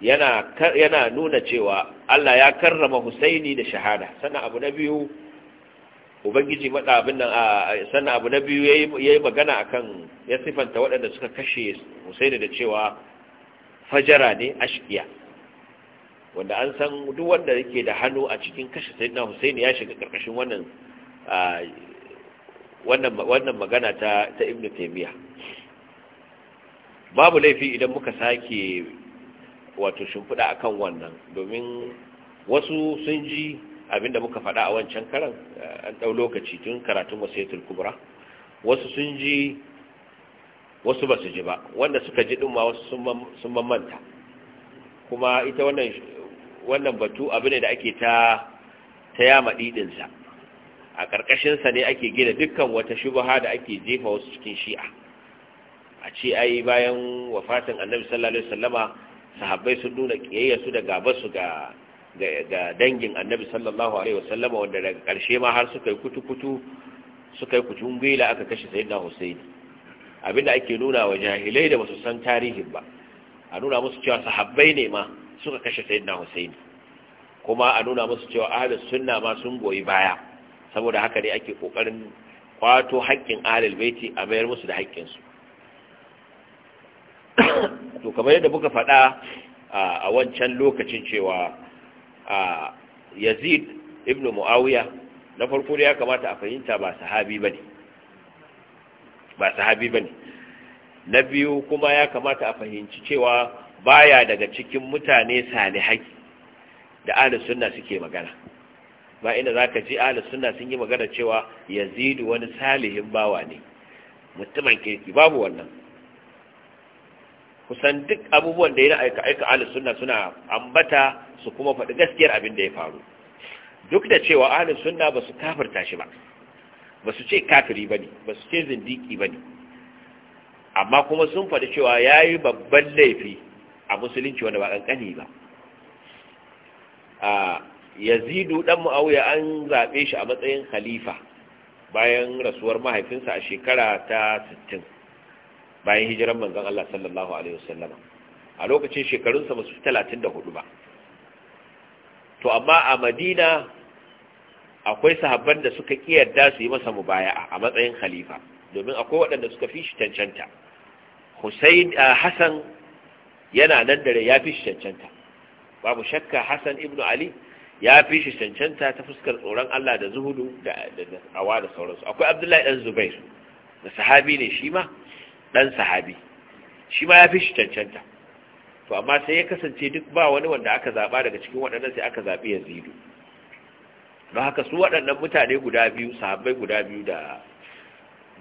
yana nuna cewa Allah ya karrama Husaini da shahada sannan abu na biyu ubangiji mada abin nan sannan abu na biyu ya yi magana akan ya sifanta waɗanda suka kashe Husaini da cewa fajara ne ashkiya wanda an san duk wanda yake da hannu a cikin kashe Sayyidina Husaini ya shiga karkashin wannan magana ta ta Ibn taimiyya. babu laifi idan muka sake wato shimfiɗa akan wannan domin wasu sun ji abinda muka faɗa a wancan karan eh, an ɗau lokaci tun karatun wasaitul kubra wasu sun ji wasu ba su ji ba wanda suka ji ɗin ma wasu sun mamanta kuma ita wannan wannan batu abu ne da ake ta ta yama ɗiɗinsa a ƙarƙashinsa ne ake gina dukkan wata shubaha da ake jefa wasu cikin shi'a a ce ai bayan wafatin annabi sallallahu alaihi wasallama sahabbai sun nuna su da su ga ga dangin annabi sallallahu alaihi wasallama wanda daga karshe ma har suka yi kutu-kutu suka yi kutun gwila aka kashe sayyidina Hussein abinda ake nuna wa jahilai da basu san tarihin ba a nuna musu cewa sahabbai ne ma suka kashe sayyidina Hussein kuma a nuna musu cewa ahlus sunna ma sun goyi baya saboda haka ne ake kokarin kwato haƙƙin ahlul baiti a mayar musu da haƙƙinsu to kamar yadda muka faɗa a wancan lokacin cewa yazid ibn mu'awiya na farko da ya kamata a fahimta ba sahabi ba ne ba sahabi ba ne na biyu kuma ya kamata a fahimci cewa baya daga cikin mutane salihai da ahlus suna suke magana ba inda ka ji ahlus suna sun yi magana cewa yazidu wani salihin bawa ne mutumin kirki babu wannan kusan duk abubuwan da ya aika aika ahli sunna suna ambata su kuma faɗi gaskiyar abin da ya faru duk da cewa ahli sunna ba su kafirta shi ba ba su ce kafiri bane ba su ce zindiki bane amma kuma sun faɗi cewa yayi babban laifi a musulunci wanda ba kankani ba a yazidu dan muawiya an zaɓe shi a matsayin khalifa bayan rasuwar mahaifinsa a shekara ta 60 bayan hijiran manzon Allah sallallahu alaihi wasallama a lokacin shekarunsa ba su 34 ba to amma a Madina akwai sahabban da suka kiyarda su yi masa mubaya a matsayin khalifa domin akwai waɗanda suka fi shi cancanta Hussein Hassan yana nan dare ya fi shi cancanta babu shakka Hassan ibn Ali ya fi shi cancanta ta fuskar tsoron Allah da zuhudu da awa da sauransu akwai Abdullahi dan Zubair da sahabi ne shi ma dan sahabi shi ma ya fi shi cancanta to amma sai ya kasance duk ba wani wanda aka zaba daga cikin waɗannan sai aka zabi yazidu don haka su waɗannan mutane guda biyu sahabbai guda biyu da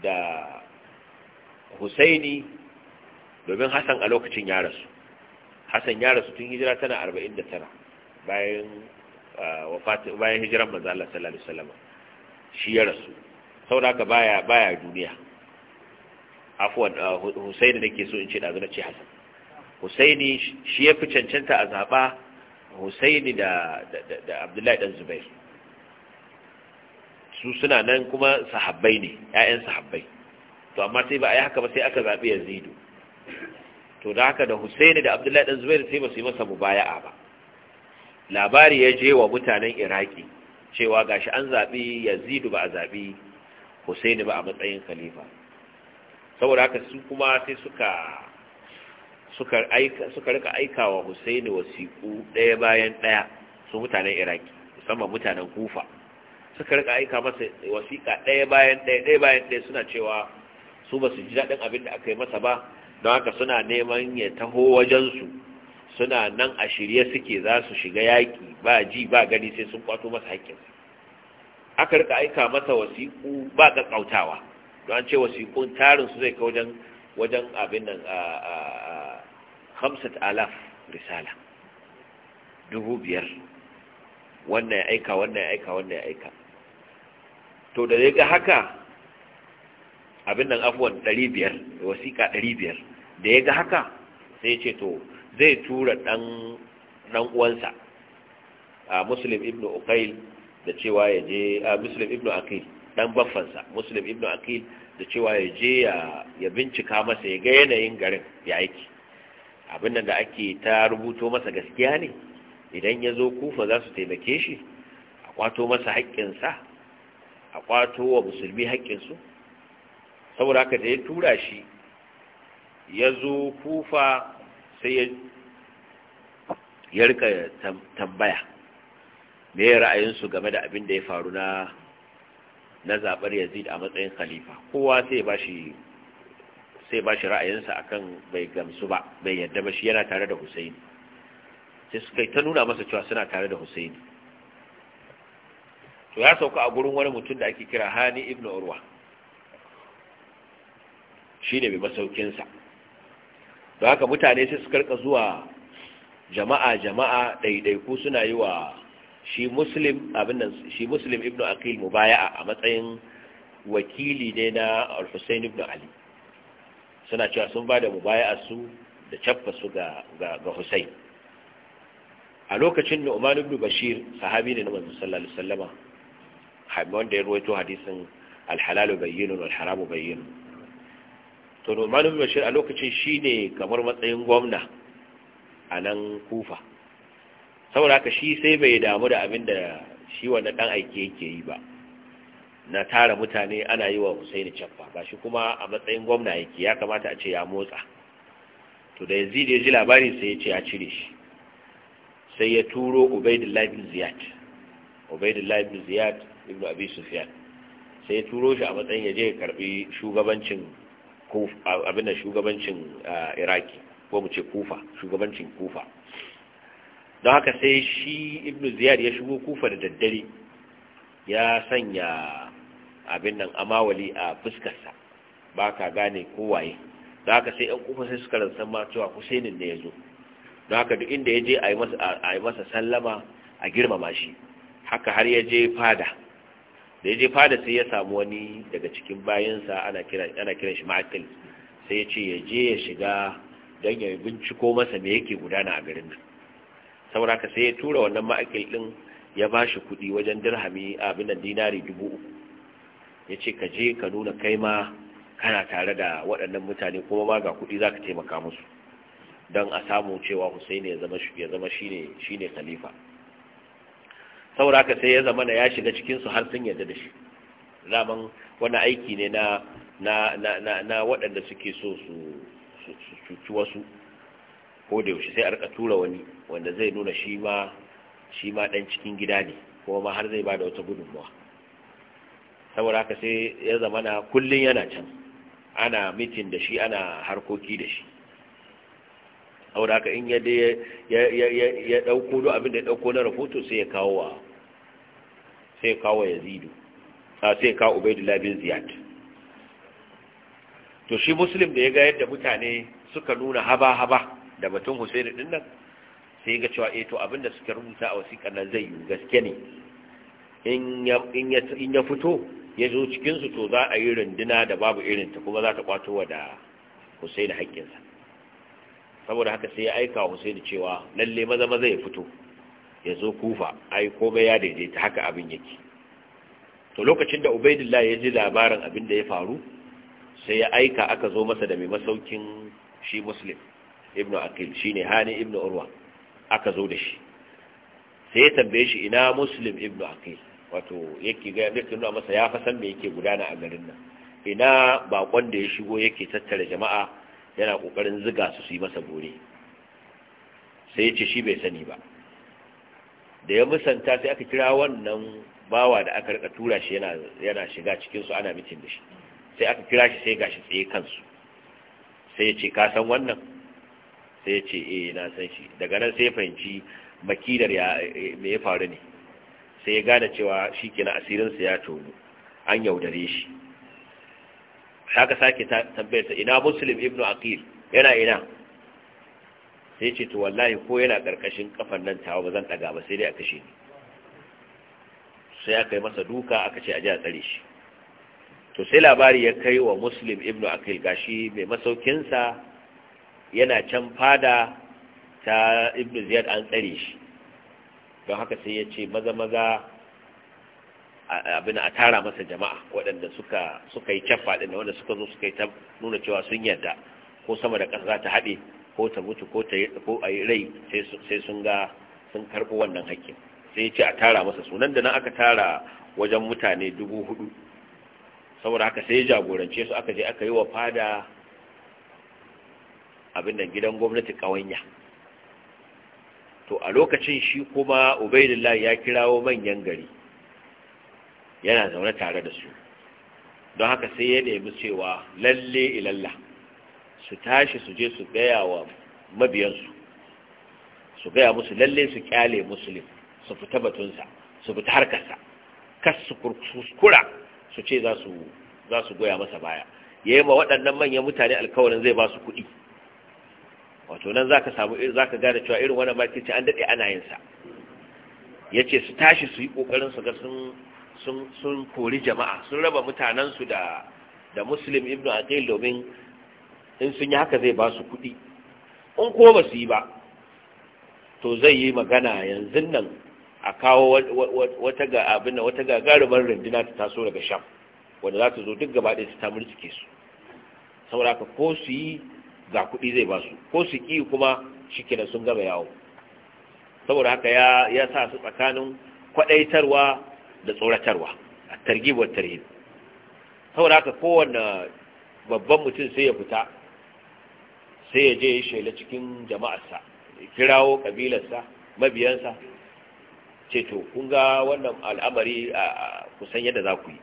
da Husaini domin Hassan a lokacin ya rasu Hassan ya rasu tun hijira tana 49 bayan wafatu bayan hijiran manzo Allah sallallahu alaihi wasallam shi ya rasu sau haka baya baya duniya afuwan uh, husaini nake so in ce da na ce hasan husaini shi ya fi cancanta a zaɓa husaini da abdullahi dan zubair su suna nan kuma sahabbai ne 'ya'yan sahabbai to amma sai ba a yi haka ba sai aka zaɓi yazidu to da haka da husaini da abdullahi dan zubair sai ba su yi masa mubaya'a ba labari ya je wa mutanen iraki cewa gashi an zaɓi yazidu ba a zaɓi husaini ba a matsayin khalifa saboda haka su kuma sai suka suka aika suka rika aikawa Husaini wasiku ɗaya bayan ɗaya su mutanen Iraki musamman mutanen Kufa suka rika aika masa wasiƙa ɗaya bayan ɗaya ɗaya bayan ɗaya suna cewa su ba su ji daɗin abin da aka yi masa ba don haka suna neman ya taho su suna nan a shirye suke za su shiga yaƙi ba ji ba gani sai sun kwato masa haƙƙinsa aka rika aika masa wasiƙu ba ƙaƙƙautawa don an ce wasiƙun tarin su zai kai wajen abin nan a hamsat alaf risala dubu biyar wannan ya aika wannan ya aika wannan ya aika to da zai ga haka abin nan afuwan ɗari biyar wasiƙa ɗari biyar da ya ga haka sai ce to zai tura ɗan uwansa a muslim ibn uqail da cewa ya je a muslim ibn akil dan baffansa muslim ibnu aqil da cewa ya je ya bincika masa ya ga yanayin garin ya yake abin da ake ta rubuto masa gaskiya ne idan ya zo kufa za su taimake shi a kwato masa haƙƙinsa a kwato wa musulmi haƙƙinsu saboda haka da ya tura shi ya zo kufa sai ya rika tambaya me ra'ayinsu game da abin da ya faru na na zaɓar yazid a matsayin khalifa kowa sai ba shi sai ba shi ra'ayinsa akan bai gamsu ba bai yadda ba shi yana tare da husaini sai suka ta nuna masa cewa suna tare da husaini to ya sauka a gurin wani mutum da ake kira hani ibn urwa shi ne mai masaukinsa don haka mutane sai su karka zuwa jama'a jama'a ɗaiɗaiku suna yi wa shi muslim abinnan shi muslim ibnu aqil mubaya'a a matsayin wakili ne na al-husayn ibnu ali suna cewa sun ba da mubaya'a su da chaffa su ga ga husayn a lokacin umar ibnu bashir sahabi ne na manzo sallallahu alaihi wasallama wanda ya ruwaito hadisin al-halal bayyinun wal haram bayyinun to nu'man ibnu bashir a lokacin shine kamar matsayin gwamna a nan kufa saboda haka shi sai bai damu da abin da shi wanda dan aiki yake yi ba na tara mutane ana yi wa Husaini ba shi kuma a matsayin gwamna yake ya kamata a ce ya motsa to da Yazid ya ji labarin sai ya ce ya cire shi sai ya turo Ubaidullah bin Ziyad Ubaidullah bin Ziyad ibn Abi Sufyan sai ya turo shi a matsayin ya je ya karbi shugabancin abin da shugabancin ah, Iraki ko mu ce Kufa shugabancin Kufa don haka sai shi ibnu ziyar ya shigo kufa da daddare ya sanya abin nan amawali a fuskarsa ba ka gane kowaye don haka sai yan kufa sai suka ransan ma cewa husainin ne ya zo don haka duk inda ya je a yi masa sallama a girmama shi haka har ya je fada da ya je fada sai ya samu wani daga cikin bayansa ana kiran shi ma'akil sai ya ce ya je ya shiga don ya binciko masa me yake gudana a garin nan saboda haka sai ya tura wannan ma'akil din ya ba shi kuɗi wajen dirhami abin da dinari dubu uku ya ce ka je ka nuna kai ma kana tare da waɗannan mutane kuma ma ga kuɗi za ka taimaka musu don a samu cewa Hussein ya zama ya zama shi ne khalifa saboda ka sai ya zama na ya shiga cikin su har sun yadda da shi zaman wani aiki ne na na waɗanda suke so su su cuci wasu ko da yaushe sai a rika tura wani wanda zai nuna shi ma shi dan cikin gida ne kuma ma har zai bada wata gudunmawa saboda haka sai ya zama na kullun yana can ana mitin da shi ana harkoki da shi saboda haka in yadda ya dauko duk abin da ya dauko na rahoto sai ya kawo wa yazidu sai ya kawo ubaidullah bin ziyad to shi muslim da ya ga yadda mutane suka nuna haba-haba da batun husaini dinnan. sai ga cewa eh to abin da suka rubuta a wasiƙar nan zai yi gaske ne in ya fito ya zo cikinsu to za a yi runduna da babu irin ta kuma za ta kwato wa da Husaini haƙƙinsa saboda haka sai ya aika Husaini cewa lalle maza maza ya fito ya zo kufa ai komai ya daidaita haka abin yake to lokacin da Ubaidillah ya ji labarin abin da ya faru sai ya aika aka zo masa da mai masaukin shi Muslim ibnu akil shine Hani ibnu Urwa aka zo da shi sai ya tambaye shi ina muslim ibnu aqil wato yake ga yake nuna masa ya fasan me yake gudana a garin nan ina bakon da ya shigo yake tattara jama'a yana kokarin ziga su su yi masa gore? sai ya ce shi bai sani ba da ya musanta sai aka kira wannan bawa da aka rika tura shi yana yana shiga cikin su ana mitin da shi sai aka kira shi sai gashi tsaye kansu sai ya ce ka san wannan sai ya ce eh na san shi daga nan sai ya fahimci makidar ya me ya faru ne sai ya gane cewa shikenan asirin sa ya tobu. an yaudare shi haka sake tambayar ina muslim ibnu aqil yana ina sai ce to wallahi ko yana karkashin kafan nan tawa ba zan daga ba sai dai a kashe ni sai aka yi masa duka aka ce a ji a tsare shi to sai labari ya kai wa muslim ibnu akil gashi mai masaukinsa yana can fada ta ibn ziyad an tsare shi don haka sai ya ce maza-maza abin a tara masa jama'a waɗanda suka suka yi faɗin da wanda suka zo suka yi ta nuna cewa sun yarda ko sama da ƙasa za ta haɗe ko ta mutu ko ta a yi rai sai sun ga sun karɓo wannan haƙƙin sai ya ce a tara masa sunan da nan aka tara wajen mutane dubu hudu saboda haka sai ya jagorance su aka je aka yi wa fada abin da gidan gwamnati ƙawanya to a lokacin shi kuma ubaidillah ya kirawo manyan gari yana zaune tare da su don haka sai ya nemi cewa lalle ilalla su tashi su je su gaya wa mabiyansu su gaya musu lalle su kyale musulun su fita batunsa su fita harkarsa kas su kuskura su ce za su goya masa baya ya yi ma waɗannan manyan mutane alkawarin zai ba su kuɗi wato nan zaka samu zaka gane cewa irin wannan ce an dade ana yin sa yace su tashi su yi kokarin su ga sun sun sun kori jama'a sun raba mutanen su da da muslim ibnu aqil domin in sun yi haka zai ba su kuɗi in ko ba su yi ba to zai yi magana yanzu nan a kawo wata ga abin da wata gagarumar rindina ta taso daga sham wanda za ta zo duk gaba ɗaya su ta su saboda ko su yi ga kuɗi zai ba su ko su ƙi kuma shi kenan sun gaba yawo saboda haka ya sa su tsakanin kwaɗaitarwa da tsoratarwa a targhib wa saboda haka kowanne babban mutum sai ya fita sai ya je ya cikin jama'arsa ya kirawo ƙabilarsa, mabiyansa ce to kun ga wannan al'amari a kusan yadda za ku yi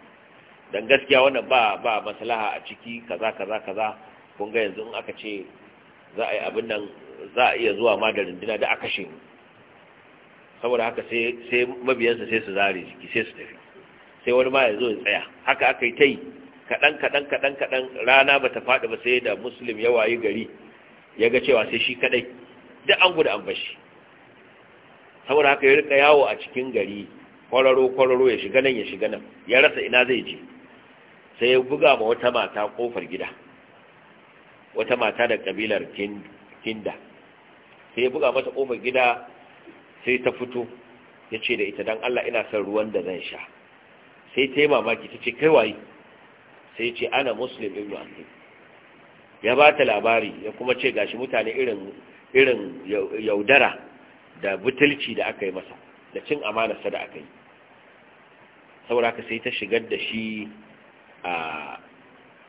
don gaskiya wannan ba ba maslaha a ciki kaza kaza kaza kun ga yanzu in aka ce za a yi abin nan za a iya zuwa ma da rindina da aka shi saboda haka sai mabiyansa sai su zare jiki sai su tafi sai wani ma ya zo ya tsaya haka aka yi ta yi kaɗan kaɗan kaɗan kaɗan rana ba ta faɗi ba sai da musulun ya wayi gari ya ga cewa sai shi kaɗai duk an gudu an bashi saboda haka ya rika yawo a cikin gari kwararo kwararo ya shiga nan ya shiga nan ya rasa ina zai je sai ya buga ma wata mata kofar gida wata mata da kabilar kinda sai ya buga mata koma gida sai ta fito ya ce da ita don Allah ina son ruwan da zan sha sai ta yi mamaki ta ce kai waye sai ce ana muslim ibn abdul ya ba ta labari ya kuma ce gashi mutane irin irin yaudara da butulci da aka yi masa da cin amanarsa da aka yi saboda ka sai ta shigar da shi a ah,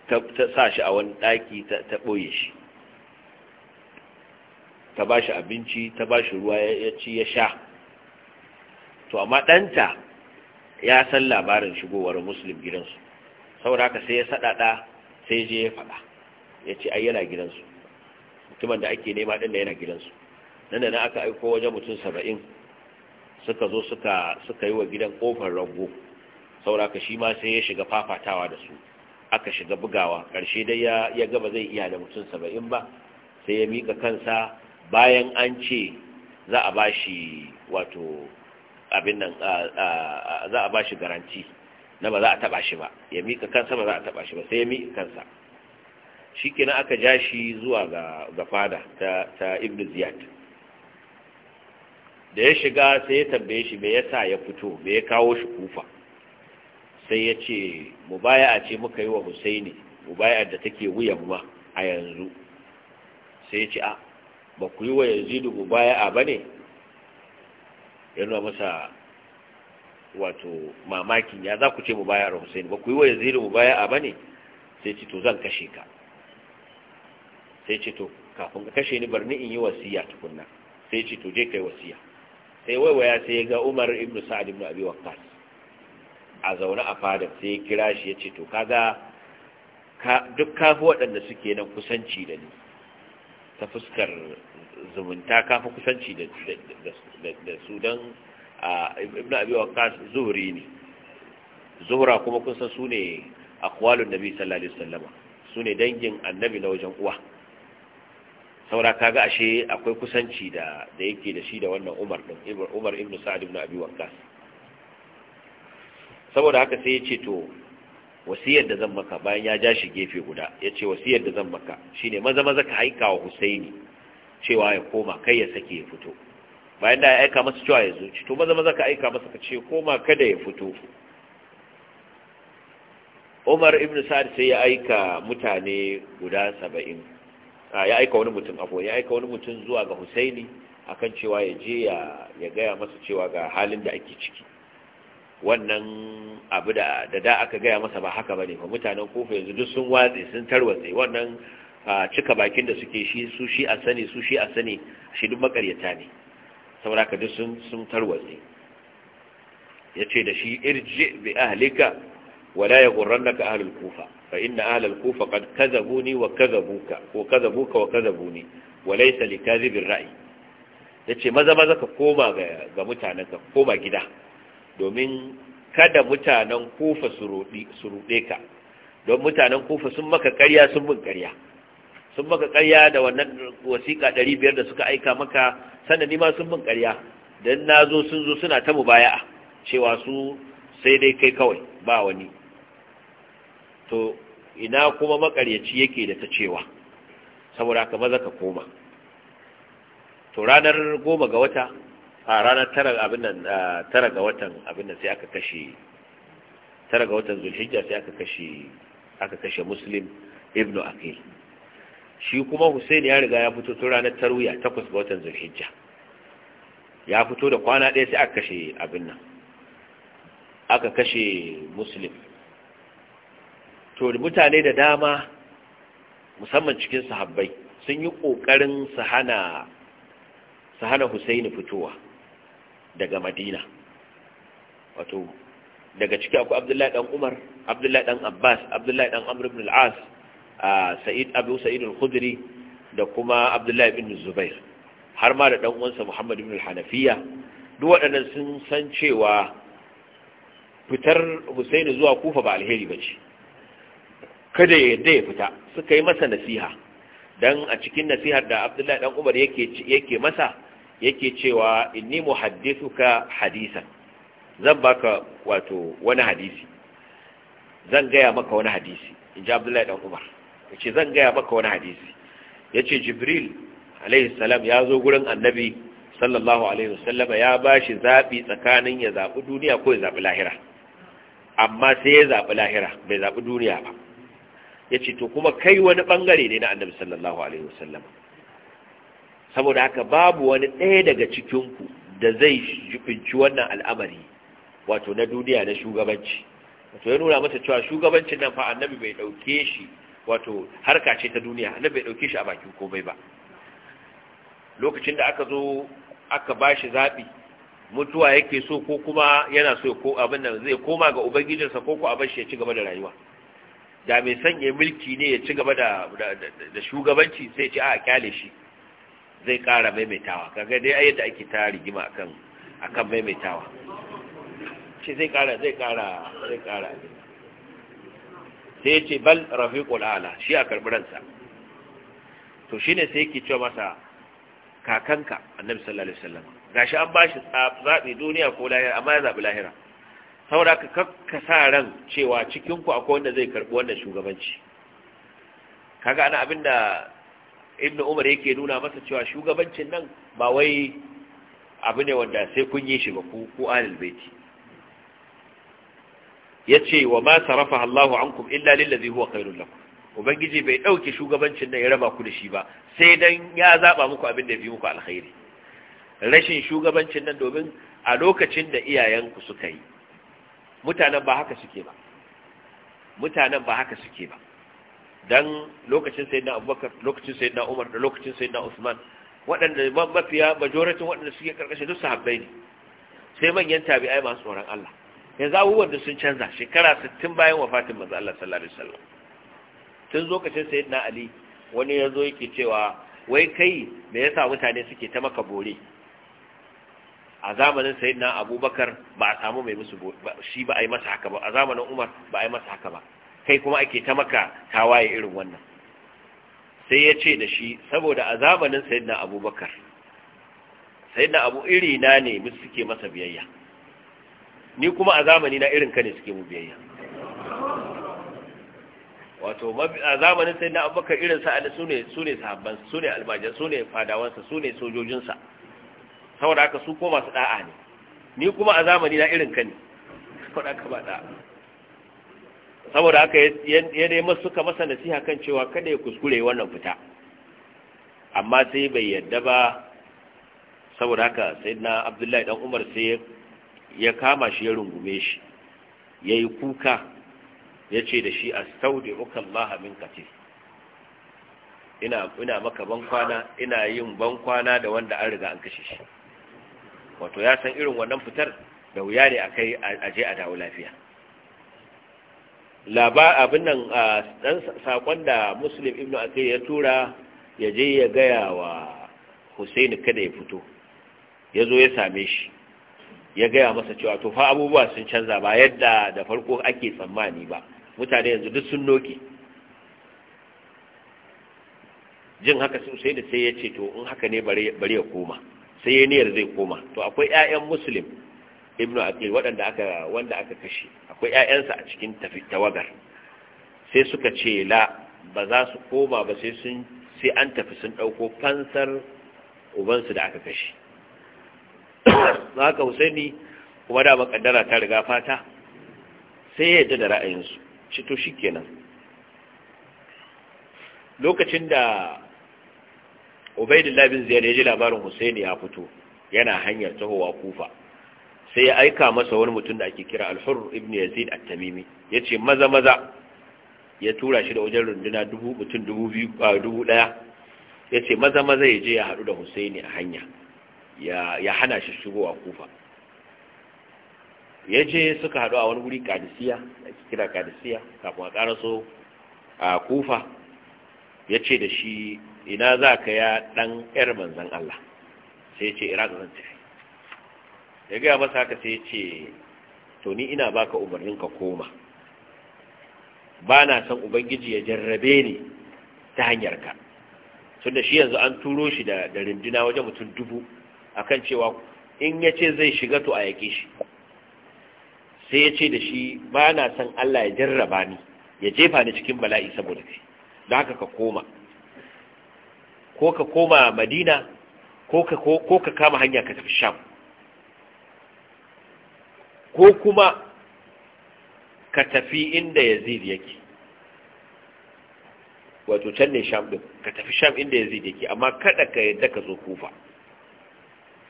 ta sa shi a wani ɗaki ta ɓoye shi ta ba shi abinci ta ba shi ruwa ya ci ya sha to amma ɗanta ya san labarin shigowar musulun gidansu saboda haka sai ya saɗaɗa sai je ya faɗa ya ce ai yana gidansu mutumin da ake nema ɗin da yana gidansu nan da na aka aiko wajen mutum saba'in suka zo suka yi wa gidan ƙofar rago saboda haka shi ma sai ya shiga fafatawa da su aka shiga bugawa ƙarshe dai ya ga ba zai iya da mutum saba'in ba sai ya miƙa kansa bayan an ce za a bashi wato abin nan za a bashi garanti na ba za a taba shi ba ya miƙa kansa ba za a taba shi ba sai ya miƙa kansa shi kenan aka ja shi zuwa ga fada ta ibn ziyad da ya shiga sai ya tambaye shi me yasa ya fito me ya kawo shi kufa sai ya ce a ce muka yi wa husaini mubaya'a da take wuyan ma a yanzu sai ya ce a ah, ba ku yi wa yazidu a ba ne yana masa wato mamakin ya za ku ce a husaini ba ku yi wa yazidu mubaya'a ba ne sai ce to zan kashe ka sai ce to kafin ka kashe ni barni in yi wasiya tukunna sai ce to je kai wasiya sai waiwaya sai ya ga umar ibn sa'ad ibn abi waqqas a zaune a fadar sai ya kira shi ya ce to kaga duk kafi waɗanda suke nan kusanci da ni ta fuskar zumunta kafi kusanci da su don a ibn abi waqas zuhri ne zuhura kuma kun san su ne akwalun nabi sallallahu alaihi sallama su ne dangin annabi na wajen uwa saura kaga ashe akwai kusanci da yake da shi da wannan Umar ibn Sa'd ibn Abi Waqqas saboda haka sai ya ce to wasiyar da zan maka bayan ya ja shi gefe guda ya ce wasiyar da zan maka shine maza maza ka aika wa husaini cewa ya koma kai ya sake ya fito bayan da ya aika masa cewa ya zuci to maza maza ka aika masa ka ce koma kada ya fito umar ibn sa'ad sai ya aika mutane guda saba'in ya aika wani mutum afo ya aika wani mutum zuwa ga husaini akan cewa ya je ya gaya masa cewa ga halin da ake ciki wannan abu da da aka gaya masa ba haka bane ba mutanen kofa yanzu duk sun watsi sun tarwatse wannan cika bakin da suke shi su shi a sani su shi a sani shi duk makaryata ne saboda ka duk sun sun tarwatse ce da shi irji bi ahlika wala ya yaghurrannaka ahlul kufa fa inna ahlul kufa qad kazabuni wa ka, ko kazabuka wa kazabuni walaysa likadhibir ra'i ce maza maza ka koma ga ga mutanen ka koma gida domin kada mutanen kufa su ruɗe ka don mutanen kufa sun maka ƙarya sun bin ƙarya sun maka ƙarya da wannan wasiƙa ɗari biyar da suka aika maka sannan ma sun bin ƙarya don na zo sun zo suna ta mubaya cewa su sai dai kai kawai ba wani to ina kuma makaryaci yake da ta cewa saboda ka maza ka koma to ranar goma ga wata a ranar tara abin nan tara ga watan abin nan sai aka kashe tara ga watan zulhijja sai aka kashe aka kashe muslim ibnu akil shi kuma husain ya riga ya fito tun ranar tarwiya takwas ga watan zulhijja ya fito da kwana ɗaya sai aka kashe abin nan aka kashe muslim to mutane da dama musamman cikin sahabbai sun yi ƙoƙarin su hana su hana Husaini fitowa daga madina wato daga ciki akwai abdullahi dan umar abdullahi dan abbas abdullahi dan amr ibn al-as sa'id abu sa'id al-khudri da kuma abdullahi ibn zubair har ma da dan uwansa muhammad ibn al-hanafiya duk waɗannan sun san cewa fitar husaini zuwa kufa ba alheri ba ce kada ya yadda ya fita suka yi masa nasiha dan a cikin nasihar da abdullahi dan umar yake yake masa yake cewa inni muhaddithuka hadisan zan baka wato wani hadisi zan gaya maka wani hadisi in ji abdullahi dan umar yace zan gaya maka wani hadisi yace jibril alaihi salam ya zo gurin annabi sallallahu alaihi wasallama ya bashi zabi tsakanin ya zabi duniya ko ya zabi lahira amma sai ya zabi lahira bai zabi duniya ba yace to kuma kai wani bangare ne na annabi sallallahu alaihi wasallama saboda haka babu wani ɗaya daga cikinku da zai jibinci wannan al'amari wato na duniya na shugabanci wato ya nuna masa cewa shugabancin nan fa annabi bai ɗauke shi wato harka ce ta duniya annabi bai ɗauke shi a bakin komai ba lokacin da aka zo aka ba shi zaɓi mutuwa yake so ko kuma yana so ko abin nan zai koma ga ubangijinsa ko ko a bar shi ya ci gaba da rayuwa da mai sanya mulki ne ya ci gaba da shugabanci sai ce a kyale shi zai ƙara maimaitawa kaga dai yadda ake ta rigima akan akan maimaitawa ce zai ƙara zai ƙara zai ƙara sai ya ce bal rafiqul ala shi a ransa. to shine sai yake cewa masa kakanka annabi sallallahu alaihi wasallam gashi an bashi zabi duniya ko lahira amma ya zabi lahira saboda ka sa ran cewa cikin ku akwai wanda zai karbi wannan shugabanci kaga ana abinda ibn umar yake nuna masa cewa shugabancin nan ba wai abu ne wanda sai kun yi shi ba ku ku alil baiti yace wa ma sarafa Allahu ankum illa lillazi huwa khairul lakum ubangiji bai dauke shugabancin nan ya raba ku da shi ba sai dan ya zaba muku abin da ya muku alkhairi rashin shugabancin nan domin a lokacin da iyayenku suka yi mutanen ba haka suke ba mutanen ba haka suke ba dan lokacin sayyidina abubakar lokacin sayyidina umar da lokacin sayyidina usman waɗanda mafiya majoratin waɗanda suke karkashe duk sahabbai ne sai manyan tabi'ai masu tsoron Allah yanzu abubuwan da sun canza shekara 60 bayan wafatin manzo Allah sallallahu alaihi wasallam tun lokacin sayyidina ali wani yazo yake cewa wai kai me yasa mutane suke ta maka bore a zamanin sayyidina abubakar ba a samu mai musu shi ba a yi masa haka ba a zamanin umar ba a yi masa haka ba kai kuma ake ta maka tawaye irin wannan sai ya ce da shi saboda a zamanin sayyidina abubakar sayyidina abu iri na ne musu suke masa biyayya ni kuma a zamani na irin ka ne suke mu biyayya wato a zamanin sayyidina abubakar irin sa'ada su ne su ne sahabban su ne almajan su ne fadawansa su ne sojojinsa saboda haka su ko masu da'a ne ni kuma a zamani na irin ka ne saboda haka ba da'a saboda haka ya nemi suka masa nasiha kan cewa kada ya kuskure wannan fita amma sai bai yadda ba saboda haka sai na abdullahi dan umar sai ya kama shi ya rungume shi ya yi kuka ya ce da shi a saude ukan mahamin kati ina maka bankwana ina yin bankwana da wanda an riga an kashe shi wato ya san irin wannan fitar da wuya ne a kai a aje a dawo lafiya labar abin nan ɗan saƙon da muslim ibn akir ya tura ya je ya gaya wa husaini kada ya fito ya zo ya same shi ya gaya masa cewa to fa abubuwa sun canza ba yadda da farko ake tsammani ba mutane yanzu duk sun noke jin haka sai da sai ya ce to in haka ne bare ya koma sai ya niyar zai koma to akwai 'ya'yan muslim ibnu aqil waɗanda aka wanda aka kashe akwai ƴaƴansa a cikin tawagar sai suka ce la ba za su koma ba sai sun sai an tafi sun ɗauko fansar ubansu da aka kashe haka husaini kuma da makaddara ta riga fata sai ya yadda da ra'ayinsu shi to lokacin da ubaidullah bin ziyar ya ji labarin husaini ya fito yana hanyar tahowa kufa sai ya aika masa wani mutum da ake kira alhur ibn yazid at-tamimi yace maza maza ya tura shi da wajen runduna dubu mutum dubu biyu a dubu daya yace maza maza ya je ya hadu da husaini a hanya ya ya hana shi shigowa kufa ya je suka hadu a wani guri kadisiya da ake kira kadisiya kafin a karaso a kufa ya ce da shi ina za ka ya dan ‘yar manzan Allah sai ce iraq zan tafi ya gaya masa haka sai ya ce to ni ina baka umarnin ka koma ba na san ubangiji ya jarrabe ni ta hanyarka, ka tunda shi yanzu an turo shi da da rinduna wajen mutum dubu akan cewa in ya ce zai shiga to a yaƙe shi sai ya ce da shi ba na san Allah ya jarraba ni ya jefa ni cikin bala'i saboda shi don haka ka koma ko ka koma madina ko ka kama hanya ka tafi sham ko kuma ka tafi inda yazid yake wato can ne sham din ka tafi sham inda yazid yake amma kada ka yadda ka zo kufa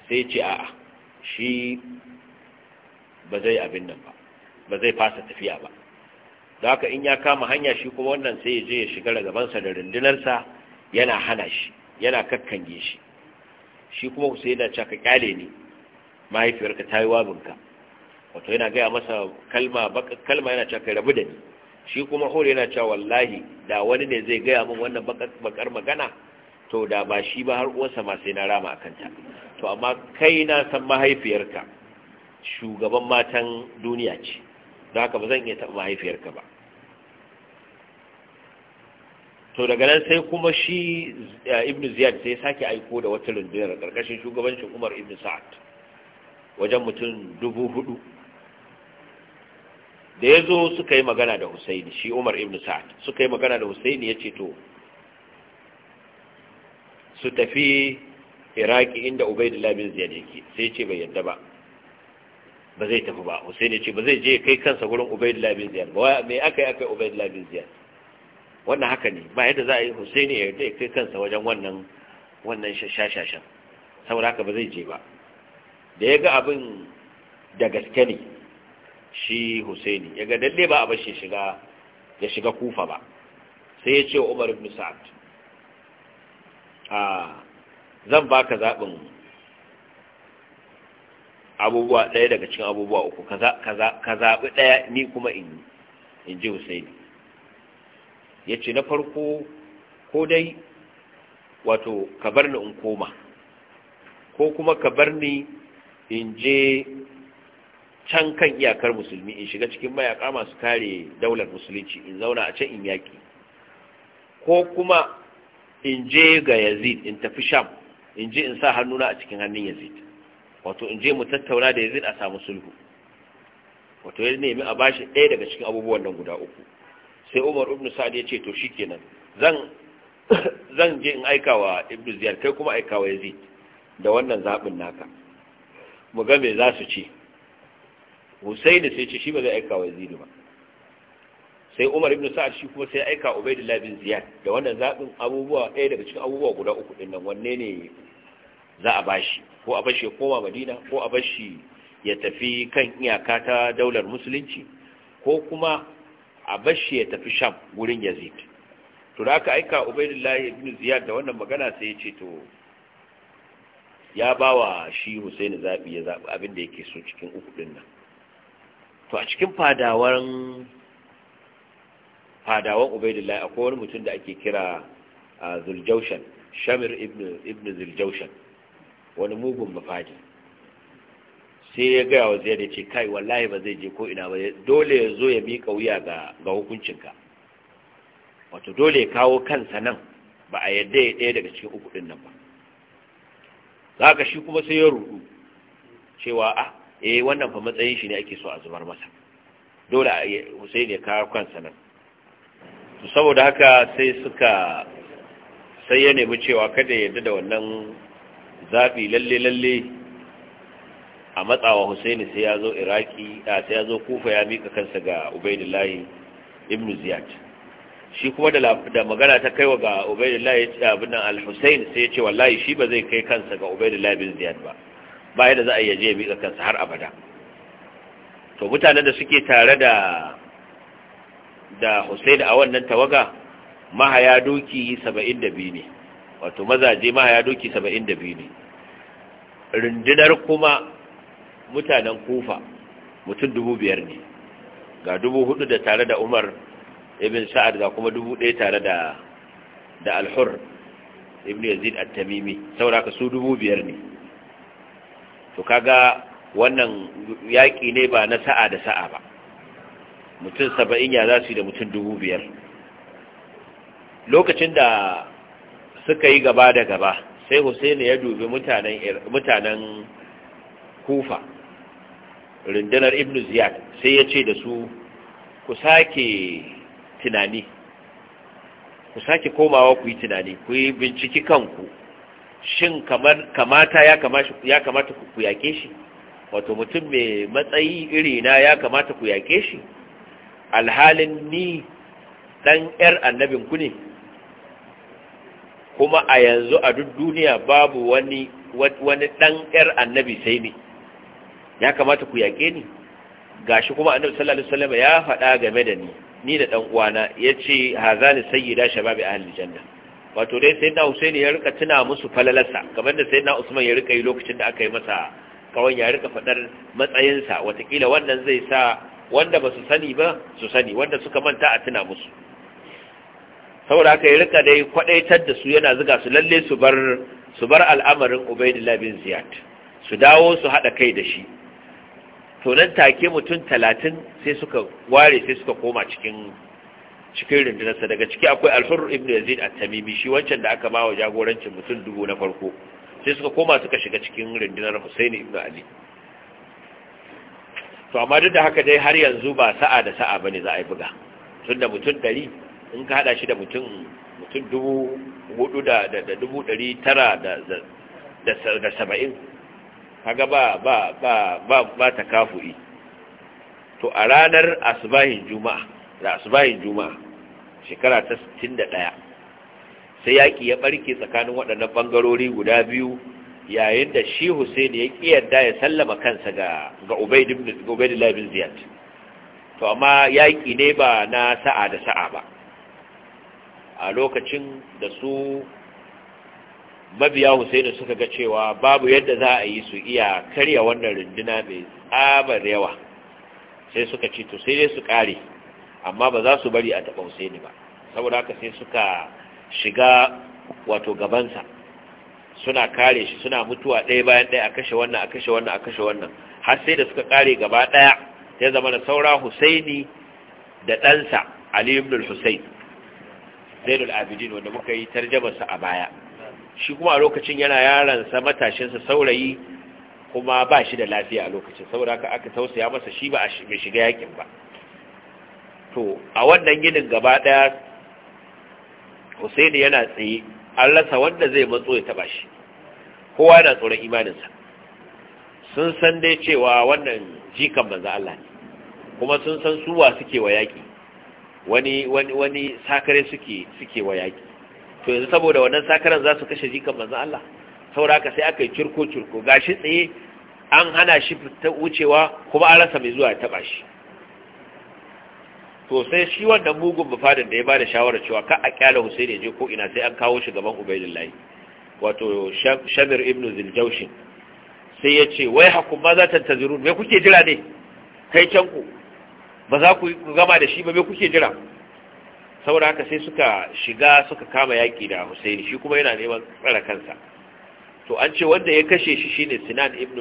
sai ce a'a shi ba zai abin nan ba ba zai fasa tafiya ba da haka in ya kama hanya shi kuma wannan sai ya je ya shiga gabansa da rundunarsa yana hana shi yana kakkange shi shi kuma sai yana ka kyale ne mahaifiyarka ta yi wabinka wato yana gaya masa kalma kalma yana cewa kai rabu da ni shi kuma hore yana cewa wallahi da wani ne zai gaya min wannan bakar magana to da ba shi ba har uwarsa ma sai na rama akan ta to amma kai na san mahaifiyarka shugaban matan duniya ce don haka ba zan iya taɓa mahaifiyarka ba to daga nan sai kuma shi eh, ibn ziyad sai ya sake aiko da wata rundunar karkashin shugabancin umar ibn sa'ad wajen mutum dubu hudu da ya zo suka yi magana da husaini shi umar ibn sa'ad suka yi magana da husaini ya ce to su tafi iraki inda ubaidullah bin ziyad yake sai ce bai yadda ba ba zai tafi ba husaini ya ce ba zai je kai kansa gurin ubaidullah bin ziyad ba me aka yi aka yi ubaidullah bin ziyad wannan haka ne ba yadda za a yi husaini ya yadda ya kai kansa wajen wannan wannan shashashan saboda haka ba zai je ba da ya ga abin da gaske ne shi Husaini yaga dalle ba a bashi shiga ya shiga Kufa ba sai ya ce Umar ibn Sa'ad a zan baka zabin abubuwa ɗaya daga cikin abubuwa uku kaza kaza ka zabi ɗaya ni kuma in in ji Husaini yace na farko ko dai wato ka bar ni in koma ko kuma ka bar ni in je can kan iyakar musulmi in shiga cikin mayaka masu kare daular musulunci in zauna a can in yaki, ko kuma in je ga yazid in tafi sham in je in sa hannuna a cikin hannun yazid wato in je mu tattauna da yazid a samu sulhu wato ya nemi a bashi ɗaya daga cikin abubuwan nan guda uku sai umar ibn sa'ad ya ce to shikenan zan zan je in aika wa ibn ziyar kai kuma aika wa yazid da wannan zaɓin naka mu ga me za su ce husaini sai ce shi ba zai aika wa yazid ba sai umar ibn sa'ad shi kuma sai aika Ubaydullah bin ziyad da wannan zabin abubuwa ɗaya daga cikin abubuwa guda uku din nan wanne ne za a bashi ko a bashi ya koma madina ko a bashi ya tafi kan iyaka ta daular musulunci ko kuma a bashi ya tafi sham gurin yazid to da aka aika Ubaydullah ibn ziyad da wannan magana sai ya ce to ya bawa shi husaini zabi ya zabi abin da yake so cikin uku din nan to a cikin fadawan fadawan ubaidullahi akwai wani mutum da ake kira zuljaushan shamir ibn zuljaushan wani mugun mafadi sai ya gaya wa zai da ce kai wallahi ba zai je ko ina ba dole ya zo ya miƙa wuya ga hukuncinka wato dole ya kawo kansa nan ba a yadda ya ɗaya daga cikin uku ɗin nan ba za ka shi kuma sai ya rudu cewa ah. eh wannan fa matsayin shi ne ake so a zubar masa dole Hussein ya kawo kansa nan saboda haka sai suka sai ya nemi cewa kada ya yarda da wannan zabi lalle lalle a matsawa Hussein sai ya zo Iraki a sai ya zo Kufa ya mika kansa ga Ubaydullah ibn Ziyad shi kuma da da magana ta kaiwa ga Ubaydullah ya ce abin nan Al-Hussein sai ya ce wallahi shi ba zai kai kansa ga Ubaydullah ibn Ziyad ba ba yadda za a yi je miƙa kansa har abada to mutanen da suke tare da da Hussein a wannan tawaga mahaya doki 72 ne wato mazaje mahaya doki 72 ne rundunar kuma mutanen Kufa mutum dubu biyar ne ga dubu hudu da tare da Umar ibn Sa'ad ga kuma dubu ɗaya tare da da Al-Hurr ibn Yazid at-Tamimi saboda ka su dubu biyar ne to kaga wannan yaƙi ne ba na sa'a da sa'a ba mutum saba'in ya za su yi da mutum dubu biyar lokacin da suka yi gaba da gaba sai Hussaini ya dubi mutanen kufa rundunar ibn ziyad sai ya ce da su ku sake tunani ku sake komawa ku yi tunani ku yi binciki kanku shin kamata ya kamata ku yaƙe shi wato mutum mai matsayi na ya kamata ku yaƙe shi alhalin ni ɗan 'yar ku ne kuma a yanzu a duk duniya babu wani wani ɗan 'yar annabi sai ni ya kamata ku yaƙe ni gashi kuma annabi sallallahu alaihi wasallam ya faɗa game da ni ni da ɗan uwana yace hazani sayyida shababi ahli janna wato dai sai na Husaini ya rika tuna musu falalarsa kamar da sai na Usman ya rika yi lokacin da aka yi masa kawai ya rika fadar matsayinsa watakila wannan zai sa wanda ba su sani ba su sani wanda suka manta a tuna musu saboda haka ya rika dai kwadaitar da su yana zuga su lalle su bar bar al'amarin Ubaydullah bin Ziyad su dawo su haɗa kai da shi to nan take mutum talatin sai suka ware sai suka koma cikin cikin rundunarsa daga ciki akwai alfur ibn yazid at-tamimi shi wancan da aka bawa jagorancin mutum dubu na farko sai suka koma suka shiga cikin rundunar Husain ibn Ali to amma duk da haka dai har yanzu ba sa'a da sa'a bane za a yi buga tunda mutum 100 in ka hada shi da mutum mutum hudu da dubu tara da saba'in kaga ba ba ba ba ba takafu'i to a ranar asbahin juma'a da asbahin juma'a shekara ta sittin da ɗaya, sai yaƙi ya ɓarke tsakanin waɗannan bangarori guda biyu yayin da shi Hussein ya kiyarda ya sallama kansa ga ga Ubayd ibn Ubaydullah to amma yaƙi ne ba na sa'a da sa'a ba a lokacin da su mabiya Hussein suka ga cewa babu yadda za a yi su iya karya wannan runduna mai tsabar yawa sai suka ce to sai dai su kare amma ba za su bari a taɓa Husaini ba saboda haka sai suka shiga wato gabansa suna kare shi suna mutuwa ɗaya bayan ɗaya a kashe wannan a kashe wannan a kashe wannan har sai da suka kare gaba ɗaya ta zama da saura Husaini da ɗansa Ali ibn al-Husayn Zainul Abidin wanda muka yi tarjamarsa a baya shi kuma a lokacin yana yaran sa matashinsa saurayi kuma ba shi da lafiya a lokacin saboda haka aka tausaya masa shi ba a shiga yakin ba to a wannan ginin gaba daya Husaini yana tsaye an rasa wanda zai matso ya taba shi kowa yana tsoron imaninsa sun san dai cewa wannan jikan banza Allah ne kuma sun san suwa suke wa yaƙi, wani wani wani sakare suke suke wa yaƙi. to yanzu saboda wannan sakaran za su kashe jikan banza Allah sauraka sai aka yi cirko cirko gashi tsaye an hana shi wucewa kuma an rasa mai zuwa ya taba shi to sai shi wannan mugun bufadin da ya bada shawara cewa ka a kyala Husaini ya je ko ina sai an kawo shi gaban Ubaidillahi wato Shamir ibn Zuljaushin sai ya ce wai hakum ma za ta tazirun me kuke jira ne kai can ku ba za ku gama da shi ba me kuke jira saboda haka sai suka shiga suka kama yaki da Husaini shi kuma yana neman tsara kansa to an ce wanda ya kashe shi shine Sinan ibn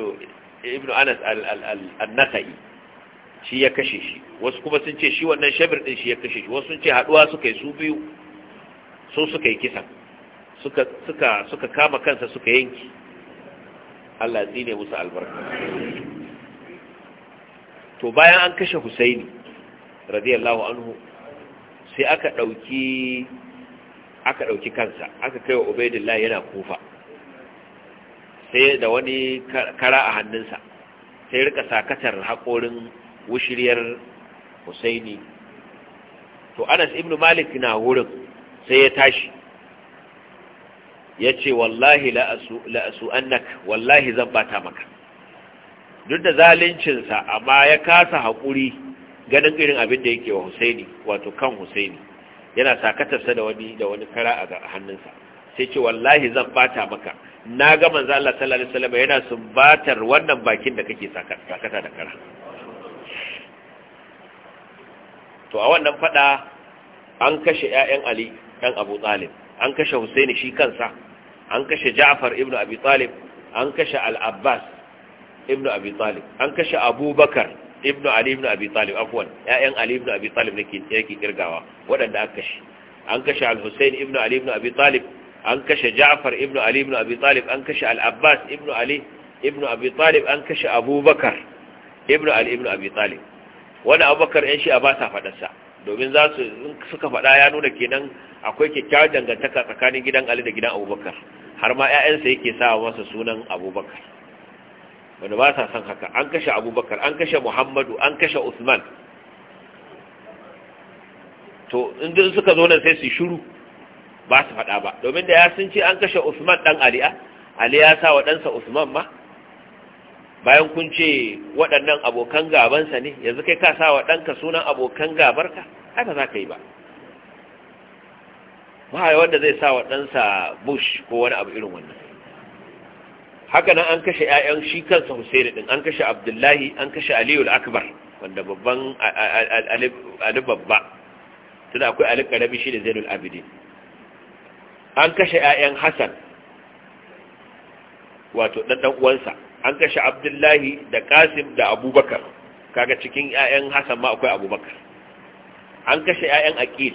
ibn Anas al-Nasa'i shi ya kashe shi wasu kuma sun ce shi wannan shabir din shi ya kashe shi wasu sun ce haduwa suka yi su biyu so suka yi kisa suka kama kansa suka yanki Allah ya musu albarka to bayan an kashe Husaini radiyallahu anhu sai aka ɗauki aka dauki kansa aka kai wa Ubaidillah yana kufa sai da wani kara a hannunsa sai rika sakatar haƙorin wushiryar husaini to anas ibn malik na wurin sai ya tashi ya ce wallahi la'asu annak wallahi zan bata maka duk da zalincinsa amma ya kasa haƙuri ganin irin abin da yake wa husaini wato kan husaini yana sakatarsa da wani da wani kara a hannunsa sai ce wallahi zan bata maka na ga manzo Allah sallallahu alaihi wasallam yana sumbatar wannan bakin da kake sakata da kara to a wannan fada an kashe 'ya'yan ali dan abu talib an kashe husaini shi kansa an kashe ja'far Ibn abi talib an kashe al-abbas ibnu abi talib an kashe abubakar Ibn ali ibnu abi talib afwan 'ya'yan ali Ibn abi talib nake yake kirgawa waɗanda aka kashe an kashe al-husain Ibn ali ibnu abi talib an kashe ja'far Ibn ali ibnu abi talib an kashe al-abbas Ibn ali ibnu abi talib an kashe abubakar Ibn ali ibnu abi talib wani abubakar yan a ba sa faɗarsa domin za su suka faɗa ya nuna kenan akwai kyakkyawar dangantaka tsakanin gidan ali da gidan abubakar har ma 'ya'yansa yake sa masa sunan abubakar wanda ba sa son haka an kashe abubakar an kashe muhammadu an kashe usman to inda suka zo nan sai su shiru ba su faɗa ba domin da ya sun ce an kashe usman ɗan a ali ya sa wa ɗansa usman ma bayan kun ce waɗannan abokan gabansa ne yanzu kai ka sa wa ɗanka sunan abokan gabarka haka za ka yi ba ba wanda zai sa wa ɗansa bush ko wani abu irin wannan haka nan an kashe 'ya'yan shi kansa husaini ɗin an kashe abdullahi an kashe aliyu akbar wanda babban ali babba tuna akwai ali karabi shi da zainul abidin an kashe 'ya'yan hassan wato ɗanɗan uwansa an kashe abdullahi da kasim da abubakar kaga cikin 'ya'yan hassan ma akwai abubakar an kashe 'ya'yan aqil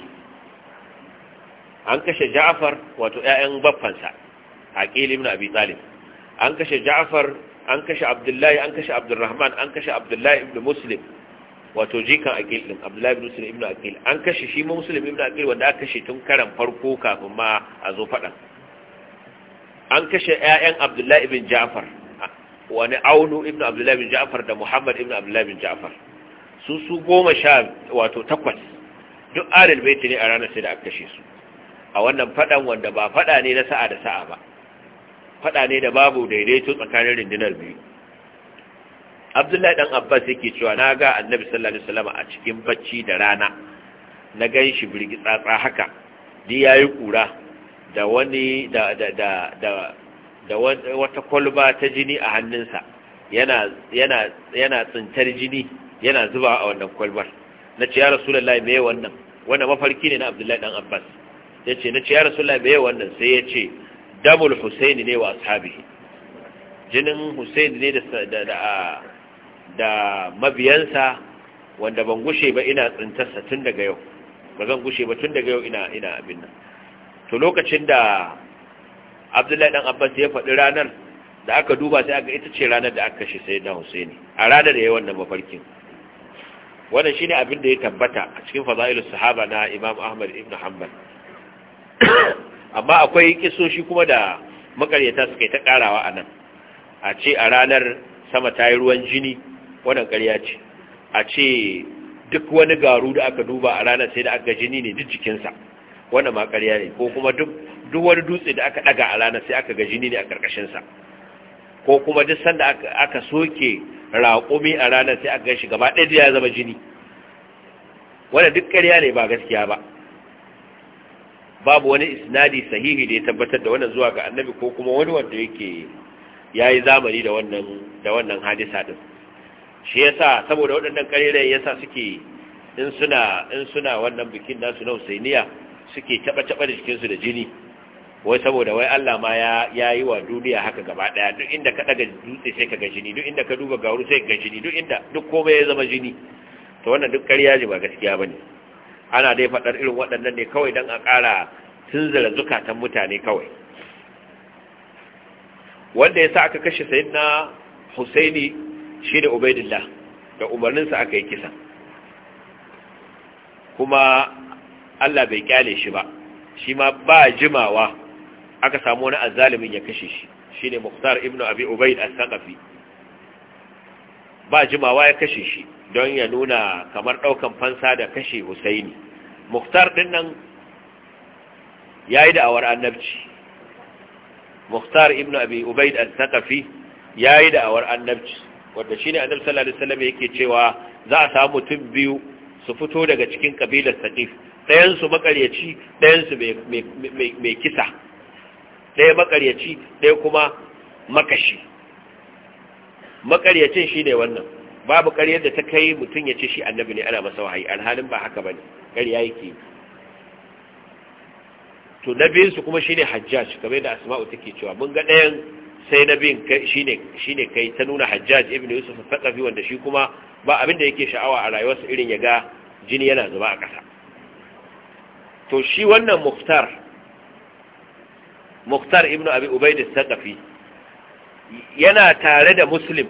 an kashe ja'far wato 'ya'yan baffansa aqil ibn abi talib an kashe ja'far an kashe abdullahi an kashe abdurrahman an kashe abdullahi ibn muslim wato jikan aqil din abdullahi ibn muslim ibn aqil an kashe shi ma muslim ibn aqil wanda aka kashe tun karan farko kafin ma a zo fadan an kashe 'ya'yan abdullahi ibn ja'far wani aunu ibn abdullahi bin ja'far da muhammad ibn abdullahi bin ja'far su su goma sha wato takwas duk alil baiti ne a ranar sai da aka kashe su a wannan fadan wanda ba fada ne na sa'a da sa'a ba fada ne da babu daidaito tsakanin rundunar biyu abdullahi dan abbas yake cewa na ga annabi sallallahu alaihi wasallam a cikin bacci da rana na gan shi birgi tsatsa haka di yayi kura da wani da da da da wata kwalba ta jini a hannunsa yana tsintar jini yana zuba a wannan kwalbar na ce ya rasulullahi me wannan wannan mafarki ne na abdullahi dan abbas ya ce na ce ya rasulullahi me wannan sai ya ce damul husaini ne wa sabi jinin husaini ne da mabiyansa wanda ban gushe ba ina tsintarsa tun daga yau ba zan gushe ba tun daga yau ina abin nan to lokacin da abdullahi dan abbas ya faɗi ranar da aka duba sai aka ita ce ranar da aka kashe sai na husaini a ranar da ya wannan mafarkin wannan shine abin da ya tabbata a cikin fadailus sahaba na imam ahmad ibn hanbal amma akwai kisoshi kuma da makaryata suka ta karawa a nan a ce a ranar sama ta yi ruwan jini wannan ƙarya ce a ce duk wani garu da aka duba a ranar sai da aka jini ne duk jikinsa wanda ma ƙarya ne ko kuma duk wani dutse da aka ɗaga a rana sai aka ga jini ne a ƙarƙashinsa, ko kuma duk sanda aka soke raƙumi a ranar sai aka shi gaba ɗaya ya zama jini wanda duk ƙarya ne ba gaskiya ba babu wani isnadi sahihi da ya tabbatar da wannan zuwa ga annabi ko kuma wani wanda yake yi zamani da wannan da wannan hadisa din shi yasa saboda waɗannan ƙarerayen yasa suke in suna in suna wannan bikin nasu na Husainiya suke taba-taba da jikinsu da jini wai saboda wai Allah ma ya yi wa duniya haka gaba daya duk inda ka daga dutse sai ka ga jini duk inda ka duba gauru sai ka ga jini duk inda duk komai ya zama jini to wannan duk ƙarya ne ba gaskiya bane ana dai faɗar irin waɗannan ne kawai don a ƙara tunzura zukatan mutane kawai wanda ya sa aka kashe sayyidina Husaini shi da Ubaidillah da umarninsa aka yi kisa kuma Allah bai kyale shi ba shi ma ba jimawa aka samu wani azzalimin ya kashe shi shine Mukhtar ibn Abi Ubayd al saqafi ba jimawa ya kashe shi don ya nuna kamar daukan fansa da kashe Husaini Muktar din nan yayi da awar annabci Mukhtar ibn Abi Ubayd al saqafi yayi da awar annabci wanda shine Annabi sallallahu alaihi wasallam yake cewa za a samu mutum biyu su fito daga cikin kabilar Saqif ɗayansu makaryaci ɗayansu mai kisa ɗaya makaryaci ɗaya kuma makashi makaryacin shi ne wannan babu karyar da ta kai mutum ya ce shi annabi ne ana masa wahayi alhalin ba haka ba ne karya yake to na biyunsu kuma shi ne hajjaj kamar yadda asma'u take cewa mun ga ɗayan sai na biyun shi ne kai ta nuna hajjaj ibn yusuf faɗafi wanda shi kuma ba abin da yake sha'awa a rayuwarsa irin ya ga jini yana zuba a ƙasa to shi wannan muftar muftar ibn abi ubaid al-thaqafi yana tare da muslim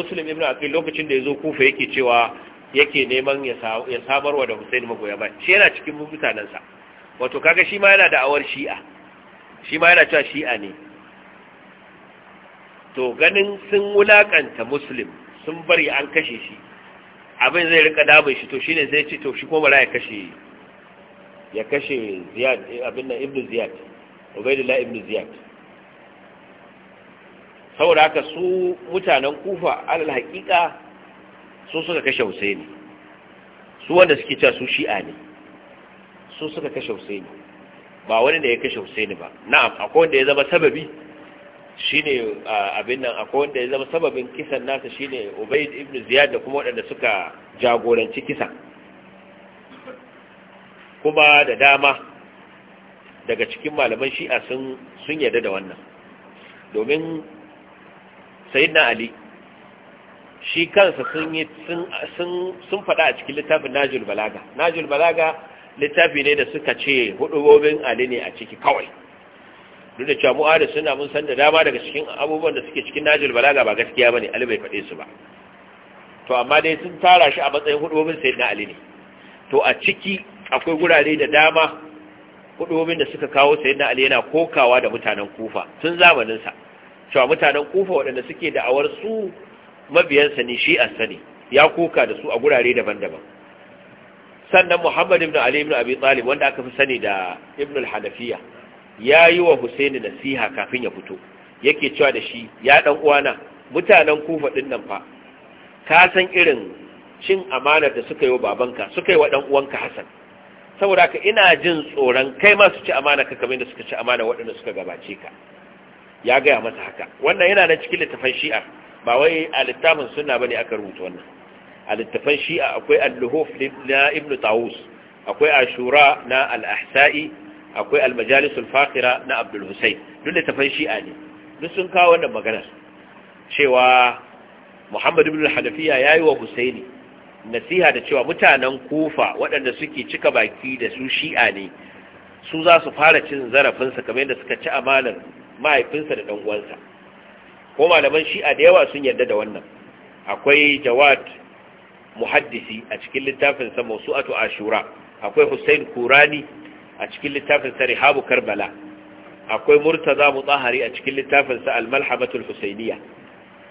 muslim ibn aqil lokacin da yazo kufa yake cewa yake neman ya samarwa da Hussein magoya bai shi yana cikin mutanansa wato kaga shi ma yana da awar shi'a shi ma yana cewa shi'a ne to ganin sun wulakanta muslim sun bari an kashe shi abin zai rika damun shi to shine zai ce to shi kuma bara ya kashe ya kashe ziyad eh, abin nan ibnu ziyad ubaidullah ibnu ziyad saboda haka su mutanen kufa alal haƙiƙa su suka kashe husaini su wanda suke cewa su shi'a ne su suka kashe husaini ba wani da ya kashe husaini ba na'am akwai wanda ya zama sababi shine abin nan akwai wanda ya zama sababin kisan nasa shine ubaid ibn ziyad da kuma waɗanda suka jagoranci kisan kuma da dama daga cikin malaman shi'a sun sun yarda da wannan domin sayyidina ali shi kansa sun yi sun sun faɗa a cikin littafin najul balaga najul balaga littafi ne da suka ce hudubobin ali ne a ciki kawai duk da cewa mu'ada suna mun san da dama daga cikin abubuwan da suke cikin najul balaga ba gaskiya bane ali bai faɗe su ba to amma dai sun tara shi a matsayin hudubobin sayyidina ali ne to a ciki akwai gurare da dama hudumin da suka kawo sayyidina ali yana kokawa da mutanen kufa tun zamaninsa. cewa mutanen kufa waɗanda suke da'awar su mabiyansa ne shi sani ya koka da su a gurare daban-daban sannan muhammad ibn ali ibn abi talib wanda aka fi sani da ibn al-hanafiya ya yi wa husaini nasiha kafin ya fito yake cewa da shi ya dan uwana mutanen kufa din nan fa ka san irin cin amanar da suka yi wa babanka suka yi wa dan uwanka hasan saboda haka ina jin tsoron kai ma su ci amana ka kamar da suka ci amana waɗanda suka gabace ka ya gaya masa haka wannan yana na cikin littafan shi'a ba wai a littafin sunna bane aka rubuta wannan a littafan shi'a akwai al-luhuf na ibnu tawus akwai ashura na al-ahsa'i akwai al-majalis al na abdul husayn duk littafan shi'a ne duk sun kawo wannan maganar cewa muhammad ibn al-hanafiya yayi wa husaini nasiha da cewa mutanen Kofa waɗanda suke cika baki da su shi'a ne su za su fara cin zarafinsa kamar yadda suka ci amanar mahaifinsa da uwansa. ko malaman shi'a da yawa sun yarda da wannan akwai jawad muhaddisi a cikin littafinsa mausu'atu ashura akwai hussein kurani a cikin littafinsa rihabu karbala akwai murtaza mutahari a cikin littafinsa almalhamatul husainiya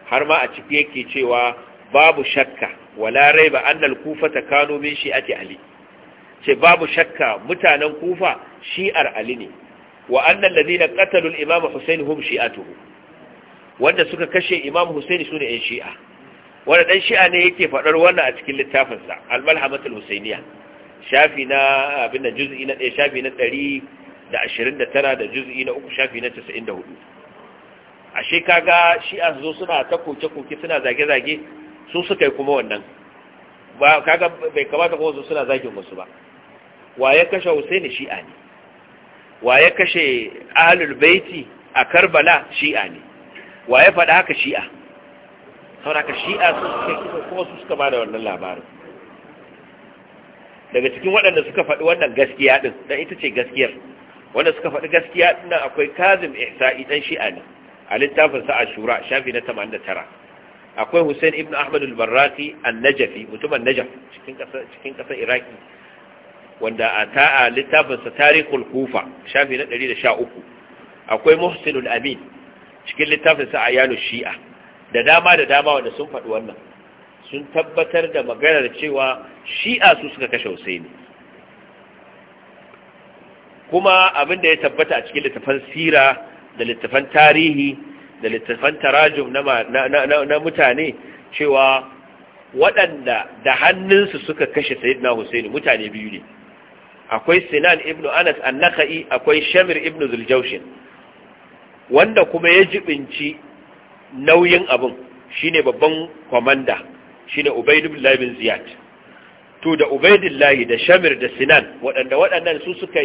har ma a ciki yake cewa babu shakka wala raiba annal kufa ta kano min shi'ati ali ce babu shakka mutanen kufa shi'ar ali ne wa annal ladina qatalu al-imam husayn hum shi'atuhu wanda suka kashe imam husayn sune yan shi'a wanda dan shi'a ne yake fadar wannan a cikin littafinsa, sa al shafi na abin da juz'i na 1 shafi na 129 da juz'i na 3 shafi na 94 ashe kaga shi'a zo suna ta koke-koke suna zage-zage su suka yi kuma wannan ba kaga bai kamata kuma su suna zagin wasu ba wa ya kashe Husaini shi'a ne wa ya kashe ahlul baiti a Karbala shi'a ne wa ya faɗa haka shi'a sauraka shi'a su suka yi kuma su suka bada wannan labarin daga cikin waɗanda suka faɗi wannan gaskiya ɗin dan ita ce gaskiyar wanda suka faɗi gaskiya ɗin akwai Kazim Ihsa'i dan shi'a ne a littafin a shura shafi na 89 akwai Hussein ibn Ahmad al najafi mutumin Najaf cikin kasar Iraki wanda a ta'a littafinsa tarikul Kufa shafi na 113 akwai Muhsin al-Amin cikin littafinsa a yano Shi'a da dama da dama wanda sun faɗi wannan sun tabbatar da maganar cewa Shi'a su suka kashe Husaini kuma abin da ya tabbata a cikin littafan sira da littafan tarihi da littafan tarajum na mutane cewa waɗanda da hannunsu suka kashe sayyidina Hussein mutane biyu ne akwai Sinan ibn Anas annakai akwai Shamir ibn Zuljaushin wanda kuma ya jibinci nauyin abin shine babban kwamanda, shine Ubaydullah bin Ziyad to da Ubaydullah da Shamir da Sinan waɗanda waɗannan su suka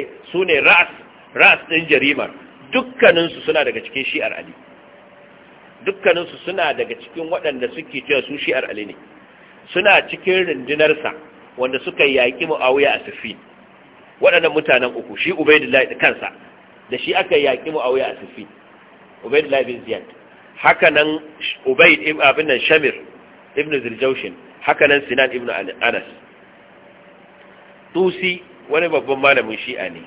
ne ra'as ra'as din jarimar dukkaninsu suna daga cikin shi'ar Ali dukkaninsu suna daga cikin waɗanda suke cewa su shi'ar ali ne suna cikin rundunarsa wanda suka yaƙi mu'awiya a siffin waɗannan mutanen uku shi ubaidullahi da kansa da shi aka yaƙi mu'awiya a siffin ubaidullahi bin ziyad haka nan ubaid abin shamir ibn zirjaushin haka nan sinan ibn anas tusi wani babban malamin shi'a ne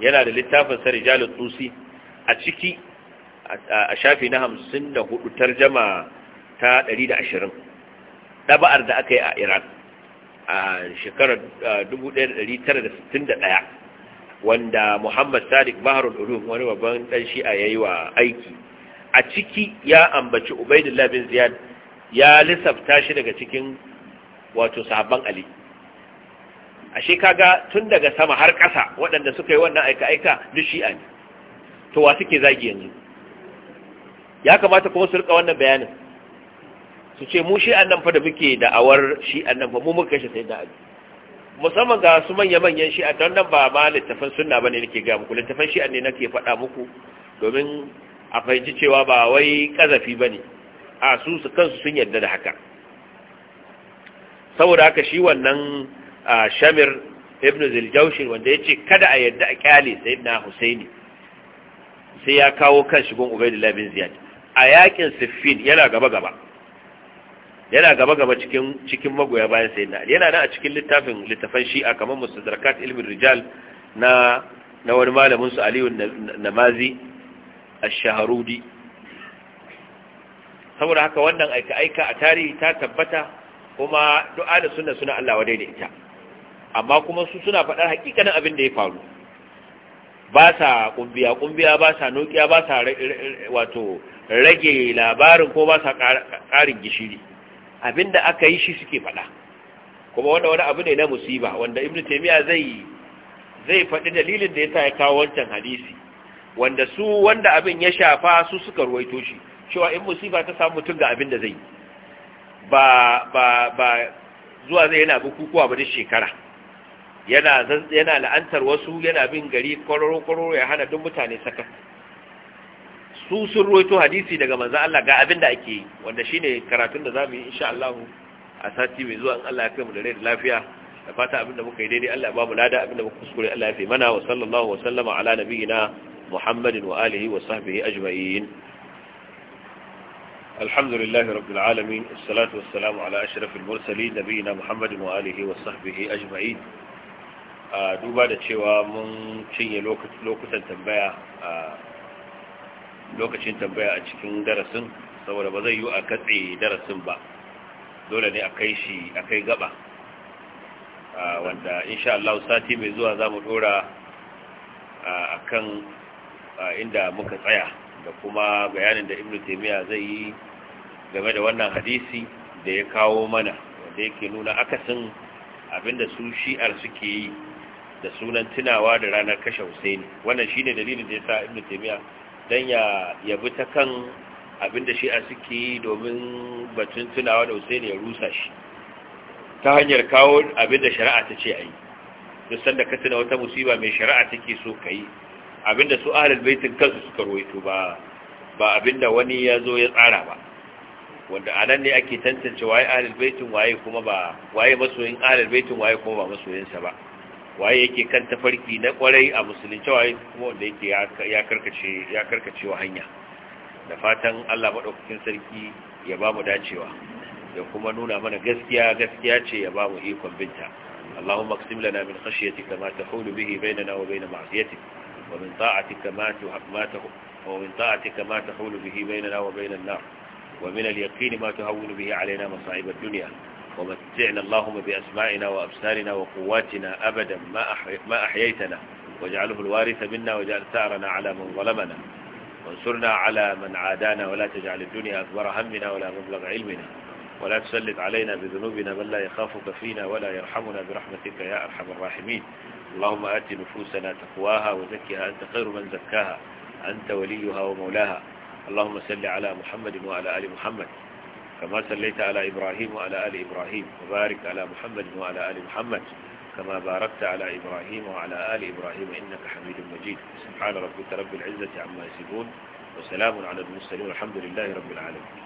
yana da littafin sa tusi a ciki a shafi na hamsin da hudu tarjama ta ɗari da ashirin ɗaba'ar da aka yi a iran a shekarar 1961 wanda muhammad sadiq baharul ulum wani babban ɗan shi'a ya yi wa aiki a ciki ya ambaci ubaidullah bin ziyad ya lissafta shi daga cikin wato sahabban ali ashe kaga tun daga sama har ƙasa waɗanda suka yi wannan aika-aika duk shi'a ne to wa suke zagi yanzu ya kamata kuma su rika wannan bayanin su ce mu shi annan fa da muke da'awar shi annan fa mu muka kashe sai da ali musamman ga su manya manyan shi a don nan ba ma littafin sunna bane nake ga muku littafin shi ne nake faɗa muku domin a fahimci cewa ba wai kazafi bane a su su kansu sun yarda da haka saboda haka shi wannan shamir ibn zuljaushin wanda ya ce kada a yarda a kyale sayyidina husaini sai ya kawo kan shigon ubaidullah bin ziyad a yakin siffin yana gaba-gaba yana gaba-gaba cikin magoya bayan sai na yana nan a cikin littafin littafan shi'a kamar mustadrakat ilmin rijal na na wani malamin su aliyu namazi a shaharudi saboda haka wannan aika-aika a tarihi ta tabbata kuma du'a da sunna suna Allah wadai da ita amma kuma su suna faɗar hakikanin abin da ya faru ba sa ƙumbiya ƙumbiya ba sa nokiya ba sa wato rage labarin ko ba sa ƙarin gishiri Abin da aka yi shi suke faɗa kuma wanda wani abu ne na musiba wanda ibn taimiyya zai zai faɗi dalilin da ya yasa ya kawo wancan hadisi wanda su wanda abin ya shafa su suka ruwaito shi cewa in musiba ta samu mutum ga abin da zai ba ba ba zuwa zai yana bukukuwa ba duk shekara yana yana la'antar wasu yana bin gari kororo kororo ya hana duk mutane saka su sun roito hadisi daga manzan Allah ga abin da ake yi wanda ne karatun da za mu yi insha Allah a sati mai zuwa in Allah ya kai mu da rai da lafiya da fata abin da muka yi daidai Allah ya ba mu lada abin da muka kuskure Allah ya fi mana wa sallallahu wa sallama ala nabiyina Muhammadin wa alihi wa sahbihi ajma'in alamin لله wassalamu ala ashrafil mursalin nabiyina Muhammadin wa alihi wa sahbihi ajma'in a duba da cewa mun cinye lokutan tambaya lokacin tambaya a cikin darasin saboda ba zai yi a katse darasin ba dole ne a kai shi a kai gaba wanda insha Allah sati mai zuwa za mu dora a kan inda muka tsaya da kuma bayanin da ibnu taimiyya zai yi game da wannan hadisi da ya kawo mana wanda yake nuna akasin abinda su shi'ar suke yi da sunan tunawa da ranar kashe Hussaini wannan shi ne dalilin da ya sa Ibn taimiyya don ya bi ta kan abinda shi'a suke yi domin batun tunawa da hussein ya rusa shi ta hanyar kawo abinda shari'a ta ce a yi duk sanda ka tuna wata musiba mai shari'a take so ka yi abinda su ahalar baitin kansu suka ruwaito ba ba abinda wani ya zo ya tsara ba wanda a nan ne ake tantance waye ahalar baitin waye kuma ba waye masoyin ahalar baitin waye kuma ba masoyinsa ba waye yake kan tafarki na kwarai a musulunci waye kuma wanda yake ya karkace ya karkace wa hanya da fatan Allah madaukakin sarki ya ba mu dacewa da kuma nuna mana gaskiya gaskiya ce ya ba mu ikon binta اللهم اقسم لنا من خشيتك ما تحول به بيننا وبين معصيتك ومن طاعتك ما ما ومن طاعتك ما تحول به بيننا وبين النار ومن اليقين ما تهون به علينا مصائب الدنيا ومتعنا اللهم بأسمائنا وأبصارنا وقواتنا أبدا ما, أحي... ما أحييتنا واجعله الوارث منا واجعل ثأرنا على من ظلمنا وانصرنا على من عادانا ولا تجعل الدنيا أكبر همنا ولا مبلغ علمنا ولا تسلط علينا بذنوبنا من لا يخافك فينا ولا يرحمنا برحمتك يا أرحم الراحمين اللهم آت نفوسنا تقواها وزكها أنت خير من زكاها أنت وليها ومولاها اللهم صل على محمد وعلى آل محمد كما صليت على إبراهيم وعلى آل إبراهيم وبارك على محمد وعلى آل محمد كما باركت على إبراهيم وعلى آل إبراهيم إنك حميد مجيد سبحان ربك رب العزة عما يصفون وسلام على المرسلين الحمد لله رب العالمين